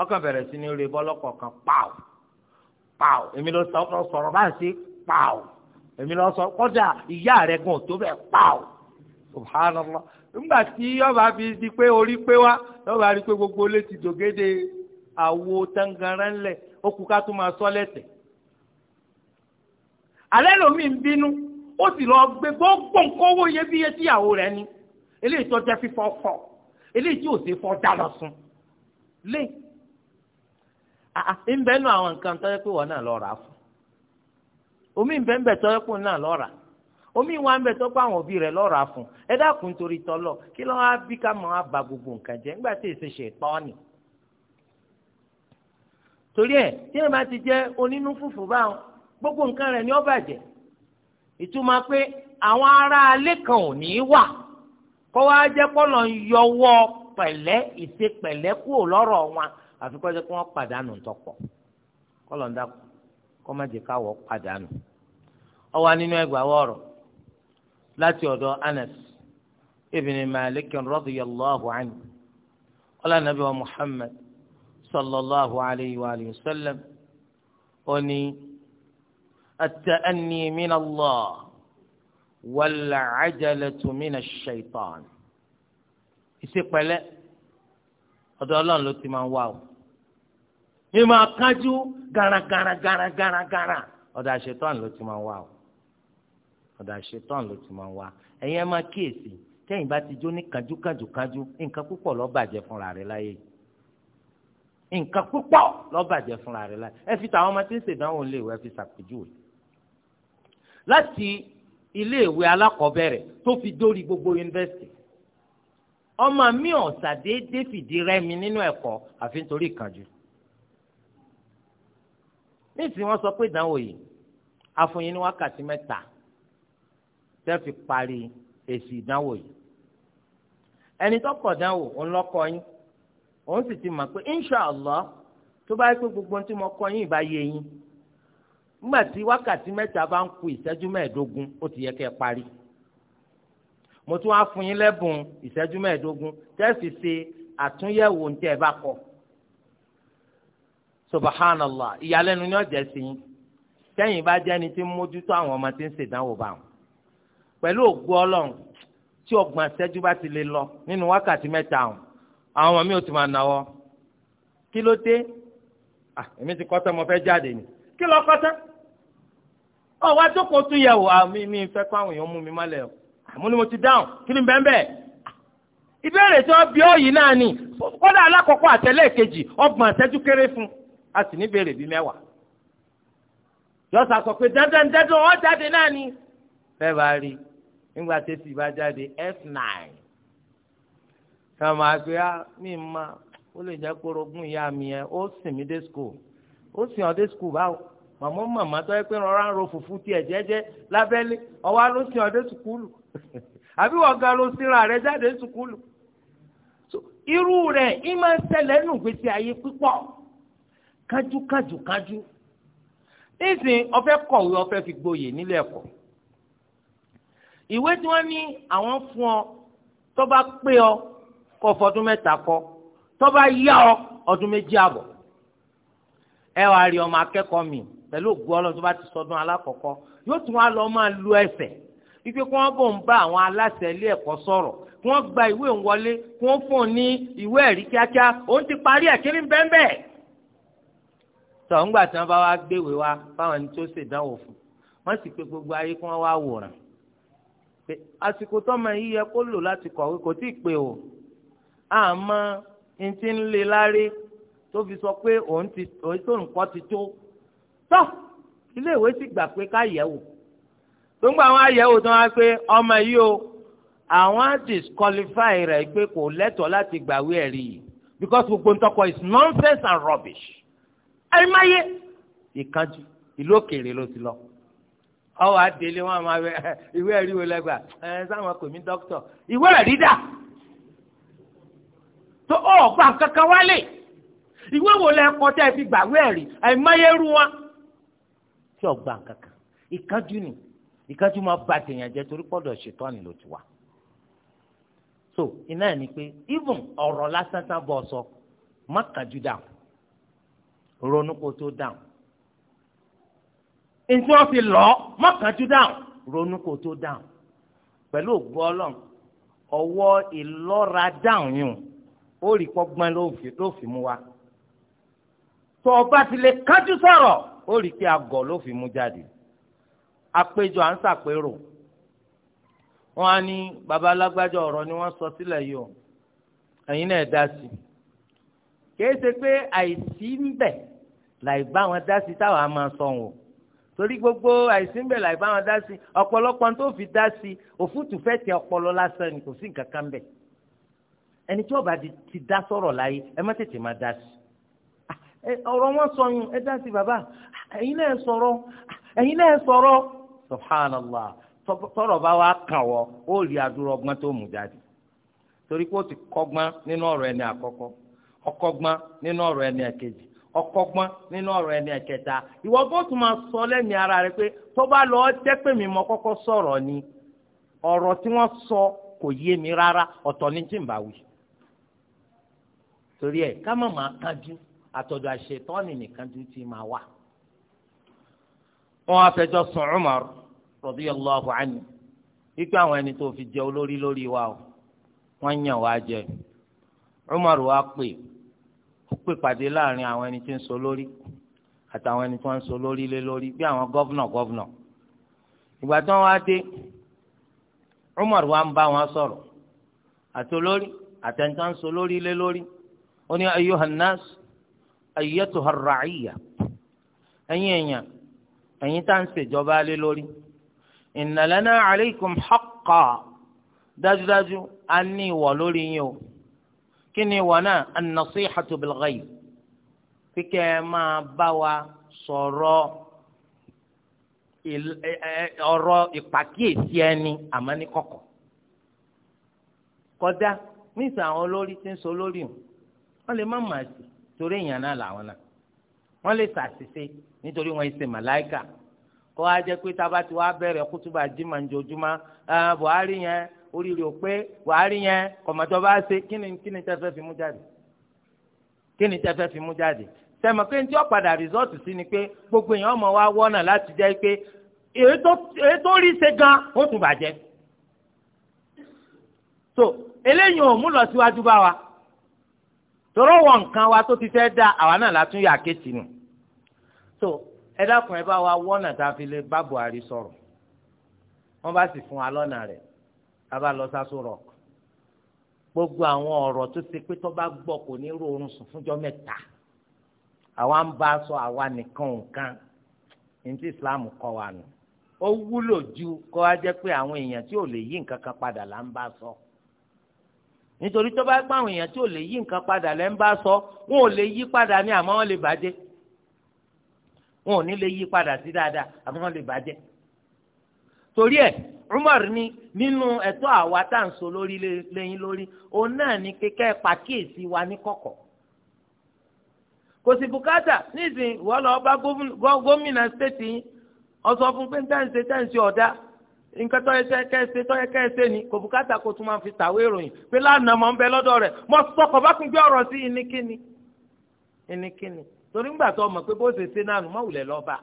ọkàn bẹ̀rẹ̀ sí ní rè bọ́lọ́kọ̀ kan pààwọ̀ pàù èmi ló sọ sọ̀rọ̀ bá ń sí pàù èmi ló sọ kọjá ìyá rẹ gan tó bẹ pàù subhanallah nígbà tí yọba fi di pé orí pé wá yọba rí pé gbogbo létí dògéde àwo tangaran lẹ ó kú ká tó máa sọ lẹsẹ alẹ́ lomi ń bínú ó sì lọ gbé gbogbo nǹkan owó iyebíye tíyàwó rẹ ni eléyìí tó jẹ́ fífọ́ fọ́ eléyìí tí ò sí fọ́ dá lọ sùn ìbẹ́ ah, ah, nù àwọn nǹkan tó yẹ pé wọ́n náà lọ rà fún omi ìbẹ́ ń bẹ̀ tó yẹ pé wọ́n náà lọ rà omi ìwà ń bẹ̀ tó pé àwọn òbí rẹ̀ lọ rà fún ẹ dákun torí tọ́lọ̀ kí ló wá bí ká máa ba gbogbo nǹkan jẹ́ nígbà tí èsì ṣe tọ́ọ̀nì torí ẹ tí ẹ ti jẹ onínú fùfù báwọn gbogbo nǹkan rẹ̀ ni ó bàjẹ́ ìtumọ̀ pé àwọn ará alẹ́ kan ò ní í wà kọ́ wá jẹ́ kọ́ lọ́n yọwọ́ pẹ̀lẹ́ ìṣe àfi kọ́jọ́ kí wọ́n pàdánù ńtọ́pọ̀ kọ́lọ́ńdà kọ́mọ̀jẹ̀ káwọ́ pàdánù. ọwọ́ nínú ẹgbàá wọ̀rọ̀ láti ọ̀dọ̀ Anas ibn Malik radiyallahu anhu ọlá nàbí wa Muhammad sallallahu alayhi wa alihi wa sallam ó ní at-ta'anni min Allah wal-'ajalatu min ash-shaytan ìṣepẹ̀lẹ́ ọ̀dọ̀ ló ti máa ń wá o ní máa kájú garagaragaragara ọ̀dà ṣetán ló ti máa wá o ọ̀dà ṣetán ló ti máa wá ẹ̀yin ẹ máa kíyèsí tẹ́yìn bá ti jó ní kájúkájúkájú nǹkan púpọ̀ ló bàjẹ́ fúnra rẹ̀ láyé nǹkan púpọ̀ ló bàjẹ́ fúnra rẹ̀ láyé ẹ fi tàwọn ọmọ tí ń ṣèdánwò lè wẹ́ fi ṣàpèjúwe láti iléèwé alákọ̀ọ́bẹ̀rẹ̀ tó fi dórí gbogbo yunifásitì ọmọ mi ọ̀sà déédéé fìdí rẹmi nínú ẹ̀kọ́ àfi nítorí ìkánjú nísìnyí wọ́n sọ pé ìdánwò yìí afunyin ní wákàtí mẹ́ta tẹ́ fi parí èsì ìdánwò yìí ẹni tó kọ̀ dánwò òun lọ́kọ yín òun sì ti mọ̀ pé inshàlá tó bá yẹ pé gbogbo ohun tí mo kọ yín ìbá yé yín nígbà tí wákàtí mẹ́ta bá ń ku ìṣẹ́jú mẹ́ẹ̀ẹ́dógún ó ti yẹ kẹ́ ẹ parí mo tún wá fún yín lẹ́bùn ìṣẹ́jú mẹ́ẹ̀ẹ́dógún tẹ́ ṣe àtúnyẹ̀wò ní tẹ́ ẹ bá kọ́ subhanallah ìyàlẹ́nu ni ọ̀jẹ̀ sí i sẹ́yìn bá jẹ́ ẹni tí ń mójútó àwọn ọmọ tí ń ṣèdánwò bá wọn pẹ̀lú ògbó ọlọ́run tí ọgbọ̀n ṣẹ́jú bá ti lè lọ nínú wákàtí mẹ́ta ọ̀hún àwọn ọmọ mi ò ti máa náwó kí ló dé èmi ti kọ́tẹ́ mo fẹ́ jáde ni kí lọ kọ́tẹ́ ọ wá jókòó tún yẹ̀wò àmì mi fẹ́ kó àwọn èèyàn mú mi mọ́lẹ̀ o àmú ni mo ti dáhùn kí ni bẹ́ẹ̀ bẹ́ẹ̀ ìbéèrè tí wọ́n bí ọ yìí náà ni kódà alákọ̀ọ́kọ́ àtẹlẹ́ kejì ọgbọ̀n ṣẹ́jú kéré fún un a sì ní béèrè bíi mẹ́wàá yọ̀ọ́sà sọ pé dandan dandan ọ̀ jáde náà ni bẹ́ẹ̀ bá rí nígbà tí èsì bá jáde f9 sọmọ àgbẹ̀ á mi ma ó lè jẹ́ korogún ìyá mi yẹn ó sìn mí dé school ó sìn ọ́ dé school báwo màmá màmá tó yẹ pé rọra ń ro fùfú tiẹ̀ jẹ́jẹ́ lábẹ́lé ọwọ́ ló sìn ọ́ dé sùkúlù àbí wọ́n gan ló síra rẹ̀ jáde sùkúlù irú rẹ̀ ìmọ̀ ń ṣẹlẹ̀ nù ayé pípọ̀ kájú kájú kájú nísìnyí ọfẹ kọ̀wé ọfẹ fi gboyè nílé ẹ̀kọ́ ìwé tí wọ́n ní àwọn fún ọ tó bá pé ọ kọ fọdún mẹ́ta kọ tó bá yá ọ ọdún méjì àbọ̀ ẹ wàá rí ọmọ akẹ́kọ̀ọ́ mi pẹ̀lú ògùn Ọlọ́run tó bá ti sọdún alákọ̀ọ́kọ́ yóò tún wá lọ máa lu ẹsẹ̀ ife kí wọ́n bò ń bá àwọn aláṣẹ ilé ẹ̀kọ́ sọ̀rọ̀ kí wọ́n gba ìwé ń wọlé kí wọ́n fún un ní ìwé ẹ̀rí kíákíá òun ti parí ẹkíní bẹ́ẹ̀ bẹ́ẹ̀ tọ̀ ńgbà tí wọ́n bá wá gbéwèé wa fáwọn ẹni tó ṣèdánwò fún wọ́n sì pé gbogbo ayé kí wọ́n wá wòrán pé àsìkò tọ́mọ yìí yẹ kó lò láti kọ̀wé kò tí ì pé o àmọ́ n ti ń le láre tó fi sọ pé òun ti òun tó nǹkan ti tó tọ́ iléèwé sì gbà pé ká yẹ̀wò tó ń gba àwọn àyẹ̀wò tó wá pé ọmọ yìí o àwọn á disqualify rẹ̀ pé kò lẹ́tọ̀ọ́ láti gbàwé ẹ̀rí yìí because gbogbo ntọ́kọ is nonsense and rubbish àìmáyé ìkanjú ìlú òkèèrè ló ti lọ ọwọ àdélé wọn máa wẹ ìwé ẹ̀rí wo lẹgbà ẹ sáwọn kò mí dókítà ìwé ẹ̀rí dà tó ọgbà kankan wálé ìwé wo lẹ kọ tẹ fi gbàwé ẹ̀rí àìmáyé rú wọn tí ọgbà kankan ìkanjú ni ìkanjú máa ba tèèyàn jẹ torí pọdọ ṣètò àná ló ti wà so iná ẹ ni pé even ọ̀rọ̀ lásán tán bọ sọ má kàjú dáhùn ronú kó tó dáhùn ntí wọn fi lọ mọkànjú dáhùn ronú kó tó dáhùn pẹ̀lú ògbó Ọlọ́run ọwọ́ ìlọ́ra dáhùn yìí ó rí kọ́gbọ́n ló fi mú wa tó o bá ti lè kájú sọ̀rọ̀ ó rí pé àgọ́ ló fi mú jáde àpéjọ à ń ṣàpérò wọn á ní baba alágbájá ọ̀rọ̀ ni wọ́n sọ sílẹ̀ yìí o ẹ̀yin náà dá sí i kìí ṣe pé àìsí ń bẹ láì bá wọn dá sí táwa máa sọ wọn torí gbogbo àìsí ńbẹ láì bá wọn dá sí ọ̀pọ̀lọpọ̀ tó fi dá sí òfútù fẹ́ tẹ ọpọlọ lásán ni kò sí nǹkan kan bẹ̀ ẹni tí ọba ti dá sọ̀rọ̀ láyé ẹ má tètè má dá sí ah, ọ̀rọ̀ wọn sọyún ẹ dá sí bàbá ah, ẹ̀yin náà sọ̀rọ̀ ah, ẹ̀yin náà sọ̀rọ̀ subhanallah tọ́rọ̀ bá wa kàn wọ́ ó rí adúrọ̀ ọgbọ́n tó mú jáde torí pé ó ti kọ́gbọ́n nínú ọ̀rọ̀ ẹni àkọ́kọ́ ọkọ́gbọ́n nínú ọ̀rọ̀ ẹni ẹ̀kejì ọkọgbọn nínú ọ̀rọ̀ ẹni ẹ̀kẹta ìwọ bó tún máa sọ lẹ́mìí ara rẹ pé tó bá lọ jẹ́ pé mi mọ kọ́kọ́ sọ̀rọ̀ ni ọ̀rọ̀ tí wọ́n sọ kò yé mi rárá ọ̀tọ̀ ní tí ń wí. torí ẹ ká má máa kánjú àtọ̀dọ̀ àṣetọ́ni nìkanjú tí máa wà. wọ́n á fẹjọ́ sùn Umar radiyallahu anhu wípé àwọn ẹni tó fi jẹ olórí lórí wa o wọn yàn wá jẹ Umar wá pè ó pè pàdé láàrin àwọn ẹni tí ń so lórí àtàwọn ẹni tí wọ́n ń so lórí lé lórí bí àwọn gọ́vnọ̀ gọ́vnọ̀ ìgbà tí wọ́n wá dé Umar wa ń bá wọn sọ̀rọ̀ àti olórí àtẹni tí wọ́n ń so lórí lé lórí ó ní ayyuhan nas ayyatuha ar èèyàn ẹ̀yin tá à ń ṣèjọba lé lórí inna lana haqqa dájúdájú a ní ìwọ̀ lórí yín o kí ni ìwọ náà an-nasihatu bil-ghayb kíkẹ́ máa bá wa sọ̀rọ̀ ọ̀rọ̀ ìpàkíyèsí ẹni àmọ́ ní kọ̀kọ̀ kọjá níta àwọn olórí ti ń sọ lórí o wọ́n lè má màá sí torí èèyàn náà làwọn náà wọ́n lè ṣàṣìṣe nítorí wọ́n ṣe màláìkà kó wá jẹ́ pé tábà tí wàá bẹ̀rẹ̀ kútùbà jímọ̀ njojúmọ́ Buhari yẹn oríire ò pé wàá yẹn kọ̀mọ̀tọ́ bá ṣe kí ni kí ni tẹ́fẹ́ fi mú jáde kí ni tẹ́fẹ́ fi mú jáde sẹ́mi pé tí ó padà rìsọ́ọ̀tù sí ni pé gbogbo èèyàn ọmọ wa wọ́nà láti jẹ́ pé èyí tó rí ṣe gan ó tún bàjẹ́ so eléyìí ò mú lọ síwájú bá wa tọrọ wọ nǹkan wa tó ti fẹ́ da àwa náà látún yà kéètì nù so ẹ dákun ẹ bá wa wọ́nà tá a fi lè bá Buhari sọ̀rọ̀ wọ́n bá sì fún wa lọ́nà rẹ̀ aba lọ sásù rock gbogbo àwọn ọ̀rọ̀ tó ṣe pé tó bá gbọ́ kò ní rọrùn sùn fúnjọ́ mẹ́ta àwa ń bá sọ àwa nìkan nǹkan ní ti Islam kọ́ wa nù ó wúlò ju kó wá jẹ́ pé àwọn èèyàn tí ò lè yí nǹkan kan padà là ń bá sọ nítorí tó bá àwọn èèyàn tí ò lè yí nǹkan padà là ń bá sọ wọn ò lè yí padà ní àmọ́ wọn lè bàjẹ́ wọn ò ní lè yí padà sí dáadáa àmọ́ wọn lè bàjẹ́ torí ẹ̀ Umar ni nínú ẹ̀tọ́ àwa tá à ń sọ lórí lẹ́yìn lórí òun náà ní kékẹ́ pàkíyèsí wa ní kọ̀kọ̀ kò sí bùkátà nísìnyí wọ́n lọ bá gómìnà stéètì yín ọsọ fún pé tẹ́ǹsì tẹ́ǹsì ọ̀dà nǹkan tó yẹ kẹ́ẹ̀sì tó yẹ kẹ́ẹ̀sì ni kò bùkátà kó tún máa fi tàwé ìròyìn pé lánàá mọ̀ ń bẹ lọ́dọ̀ rẹ̀ mọ̀ sọkọ̀ bá tún gbé ọ̀rọ̀ sí inikíni inikíni torí ńgbà mọ̀ pé bó ṣe ṣe náà nù mọ̀wùlẹ̀ lọ́ba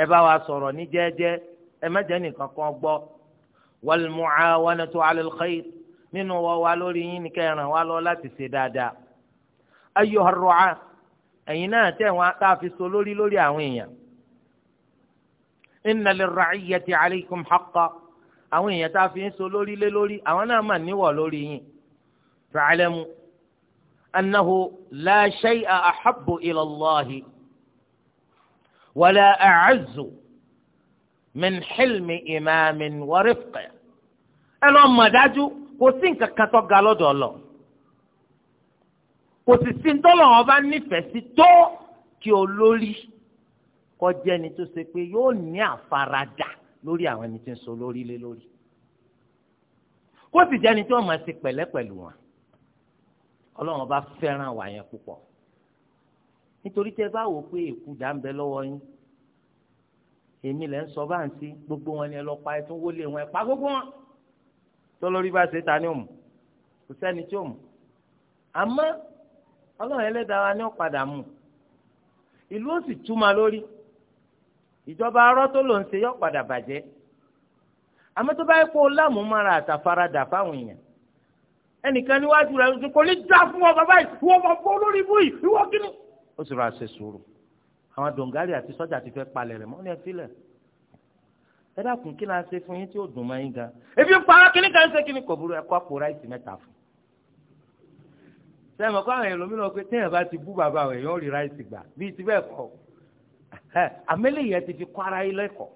ẹ bá wa sọ̀rọ̀ ní jẹ́ẹ́jẹ́ ẹ má jẹ́ nìkan kan gbọ́ wal mu'awanatu 'ala al-khayr nínú wọ́n wá lórí yín ní kẹrin wá lọ láti ṣe dáadáa ayyuha ar-ru'at ẹ̀yin náà tẹ̀ wọ́n tá a fi so lórí lórí àwọn èèyàn inna lir-ra'iyyati 'alaykum haqqan àwọn èèyàn tá a fi so lórí lé lórí àwọn náà mà níwọ̀ lórí yín fa'lamu annahu la shay'a ahabbu ila Allahi wa la a'azzu min hilmi imaamin wa rifqi ẹ lọ mọ̀ dájú kò sí nǹkan kan tó ga lọ́dọ̀ lọ kò sì sí ntọ́lọ̀ wọn bá nífẹ̀ẹ́ sí tó kí olórí kọjá ẹni tó ṣe pé yóò ní àfaradà lórí àwọn ẹni tí ń so lórí lé lórí kó sì jẹ́ni tí wọ́n máa ṣe pẹ̀lẹ́ pẹ̀lú wọn ọlọ́run bá fẹ́ràn wà yẹn púpọ̀ nítorí tẹ́ bá wò pé èkúdà ń bẹ lọ́wọ́ yín èmi lẹ́ ń sọ bá ń sí gbogbo wọn ni ẹ lọ pa ẹ tún wọlé wọn ẹ pa gbogbo wọn tọ́lórí bá ṣe ta ni òmù kò sẹ́ni tí òmù àmọ́ ọlọ́run ẹlẹ́dàá wa ni ó padà mú ìlú ó sì túma lórí ìjọba arọ́ tó lò ń ṣe yọ padà bàjẹ́ àmọ́ tó bá yẹ kó lámùmára àtàfaradà fáwọn èèyàn ẹnìkan níwájú rẹ̀ kò ní dá fún ọ bàbá yìí ìwọ bàbá olórí ibú yìí ìwọ kíni ó sì rà ṣe sùúrù àwọn dòǹgárì àti sọ́jà ti fẹ́ palẹ̀ rẹ̀ mọ́ ní ẹ̀fílẹ̀ ẹ dákun kí náà ṣe fún yín tí ó dùn mọ́ yín gan ebi ń para kíní kan ṣe kíní kò burú ẹ̀kọ́ àpò ráìsì mẹ́ta fún sẹ́yìn mọ̀ kó àwọn èèyàn lómìnira pé téèyàn bá ti bú bàbá rẹ̀ yóò rí ráìsì gbà bíi ti bẹ́ẹ̀ kọ́ àmẹ́lẹ̀ yẹn ti fi kọ́ ara yín lẹ́kọ̀ọ́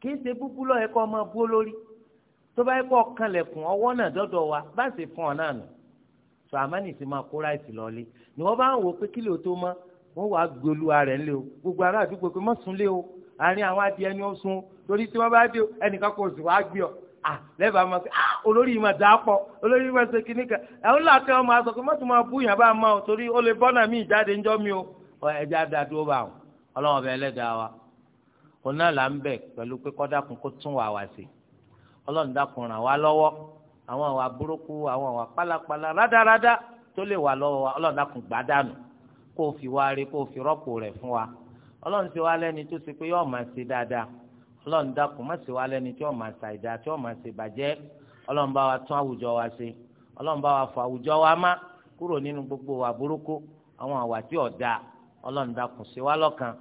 kì í ṣe búbú lọ́yẹ̀ kọ́ ọmọ bú lórí tó bá yẹ kọ́ kanlẹ̀kùn ọwọ́ náà dọ́dọ̀ wa bá ṣe fún ọ náà nù sọ àmánìsí máa kó ráìsì lọ́lé ni wọ́n bá ń wò pé kílò tó máa wọ́n wàá gbé olúwa rẹ̀ ńlẹ̀ o gbogbo ara àdúgbò pé o àárín àwọn adìẹ ni ó sun torí tí wọ́n bá dé ẹnìkan kò sì wàá gbé ọ à lẹ́bàá máa ah olórí yìí máa dàá pọ̀ olórí yìí máa kan àwọn pé máa bú yàn bá o torí o lè bọ́nà mí ìjáde ńjọ́ mi o bá wọn ọlọ́wọ́n bẹ ẹlẹ́dàá wa là ń bẹ̀ pẹ̀lú pé kó tún wá sí ọlọ́run dákun ràn wá lọ́wọ́ àwọn àwa burúkú àwọn àwa pálapàla tó lè kó o fi wá rí kó o fi rọ́pò rẹ̀ fún wa ọlọ́run ṣe wá lẹ́ni tó ṣe pé yóò máa ṣe dáadáa ọlọ́run dákun má ṣe wá lẹ́ni tí yóò máa ṣàìdá tí yóò máa ṣe bàjẹ́ ọlọ́run bá wa tún àwùjọ wa ṣe ọlọ́run bá wa fọ àwùjọ wa má kúrò nínú gbogbo wa burúkú àwọn àwà tí ò dáa ọlọ́run dákun ṣe wá lọ́kan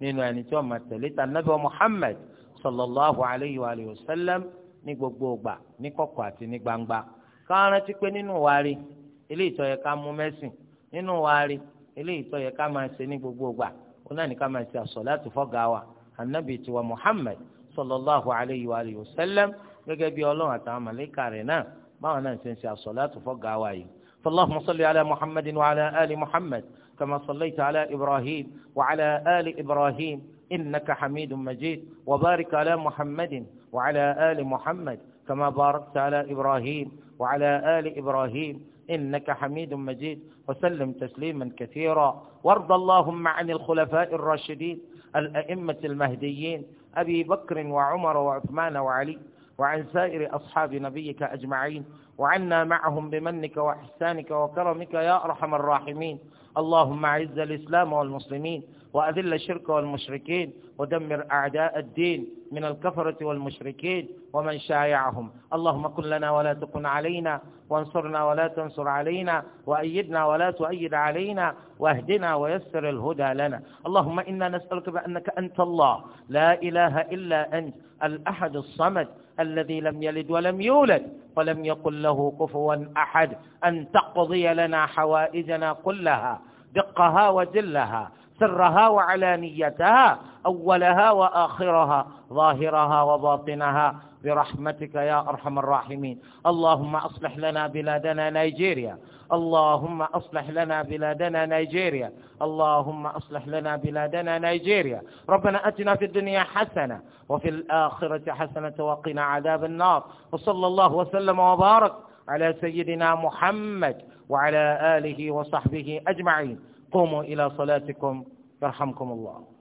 nínú ẹni tí yóò máa tẹ̀lé ta nabi Muhammad sallallahu alayhi wa alihi wa sallam ní gbogbo ìgbà ní kọ̀kọ̀ àti ní gbangba ká rántí pé nínú wa rí eléyìí tó ká mú mẹ́sìn nínú wa rí eléyìí tó yẹ ká máa ṣe ní gbogbo ìgbà ó náà ní ká máa ṣe àsọ̀láàtì fọ́gà wa anabi tiwa muhammed sallallahu alayhi wa alihi wa sallam gẹ́gẹ́ bí ọlọ́run àtàwọn màlẹ́kà rẹ̀ náà báwọn náà ṣe ń ṣe àsọ̀láàtì fọ́gà wa yìí. فاللهم صل على محمد وعلى آل محمد كما صليت على إبراهيم وعلى آل إبراهيم إنك حميد مجيد وبارك على محمد وعلى آل محمد كما باركت على إبراهيم وعلى آل إبراهيم إنك حميد مجيد وسلم تسليما كثيرا وارض اللهم عن الخلفاء الراشدين الأئمة المهديين أبي بكر وعمر وعثمان وعلي وعن سائر أصحاب نبيك أجمعين وعنا معهم بمنك وإحسانك وكرمك يا أرحم الراحمين اللهم أعز الإسلام والمسلمين وأذل الشرك والمشركين ودمر أعداء الدين من الكفرة والمشركين ومن شايعهم اللهم كن لنا ولا تكن علينا وانصرنا ولا تنصر علينا وأيدنا ولا تؤيد علينا واهدنا ويسر الهدى لنا اللهم إنا نسألك بأنك أنت الله لا إله إلا أنت الأحد الصمد الذي لم يلد ولم يولد ولم يقل له كفوا أحد أن تقضي لنا حوائجنا كلها دقها وجلها سرها وعلانيتها أولها وآخرها ظاهرها وباطنها برحمتك يا أرحم الراحمين اللهم أصلح لنا بلادنا نيجيريا اللهم أصلح لنا بلادنا نيجيريا اللهم أصلح لنا بلادنا نيجيريا ربنا أتنا في الدنيا حسنة وفي الآخرة حسنة وقنا عذاب النار وصلى الله وسلم وبارك على سيدنا محمد وعلى آله وصحبه أجمعين قوموا إلى صلاتكم يرحمكم الله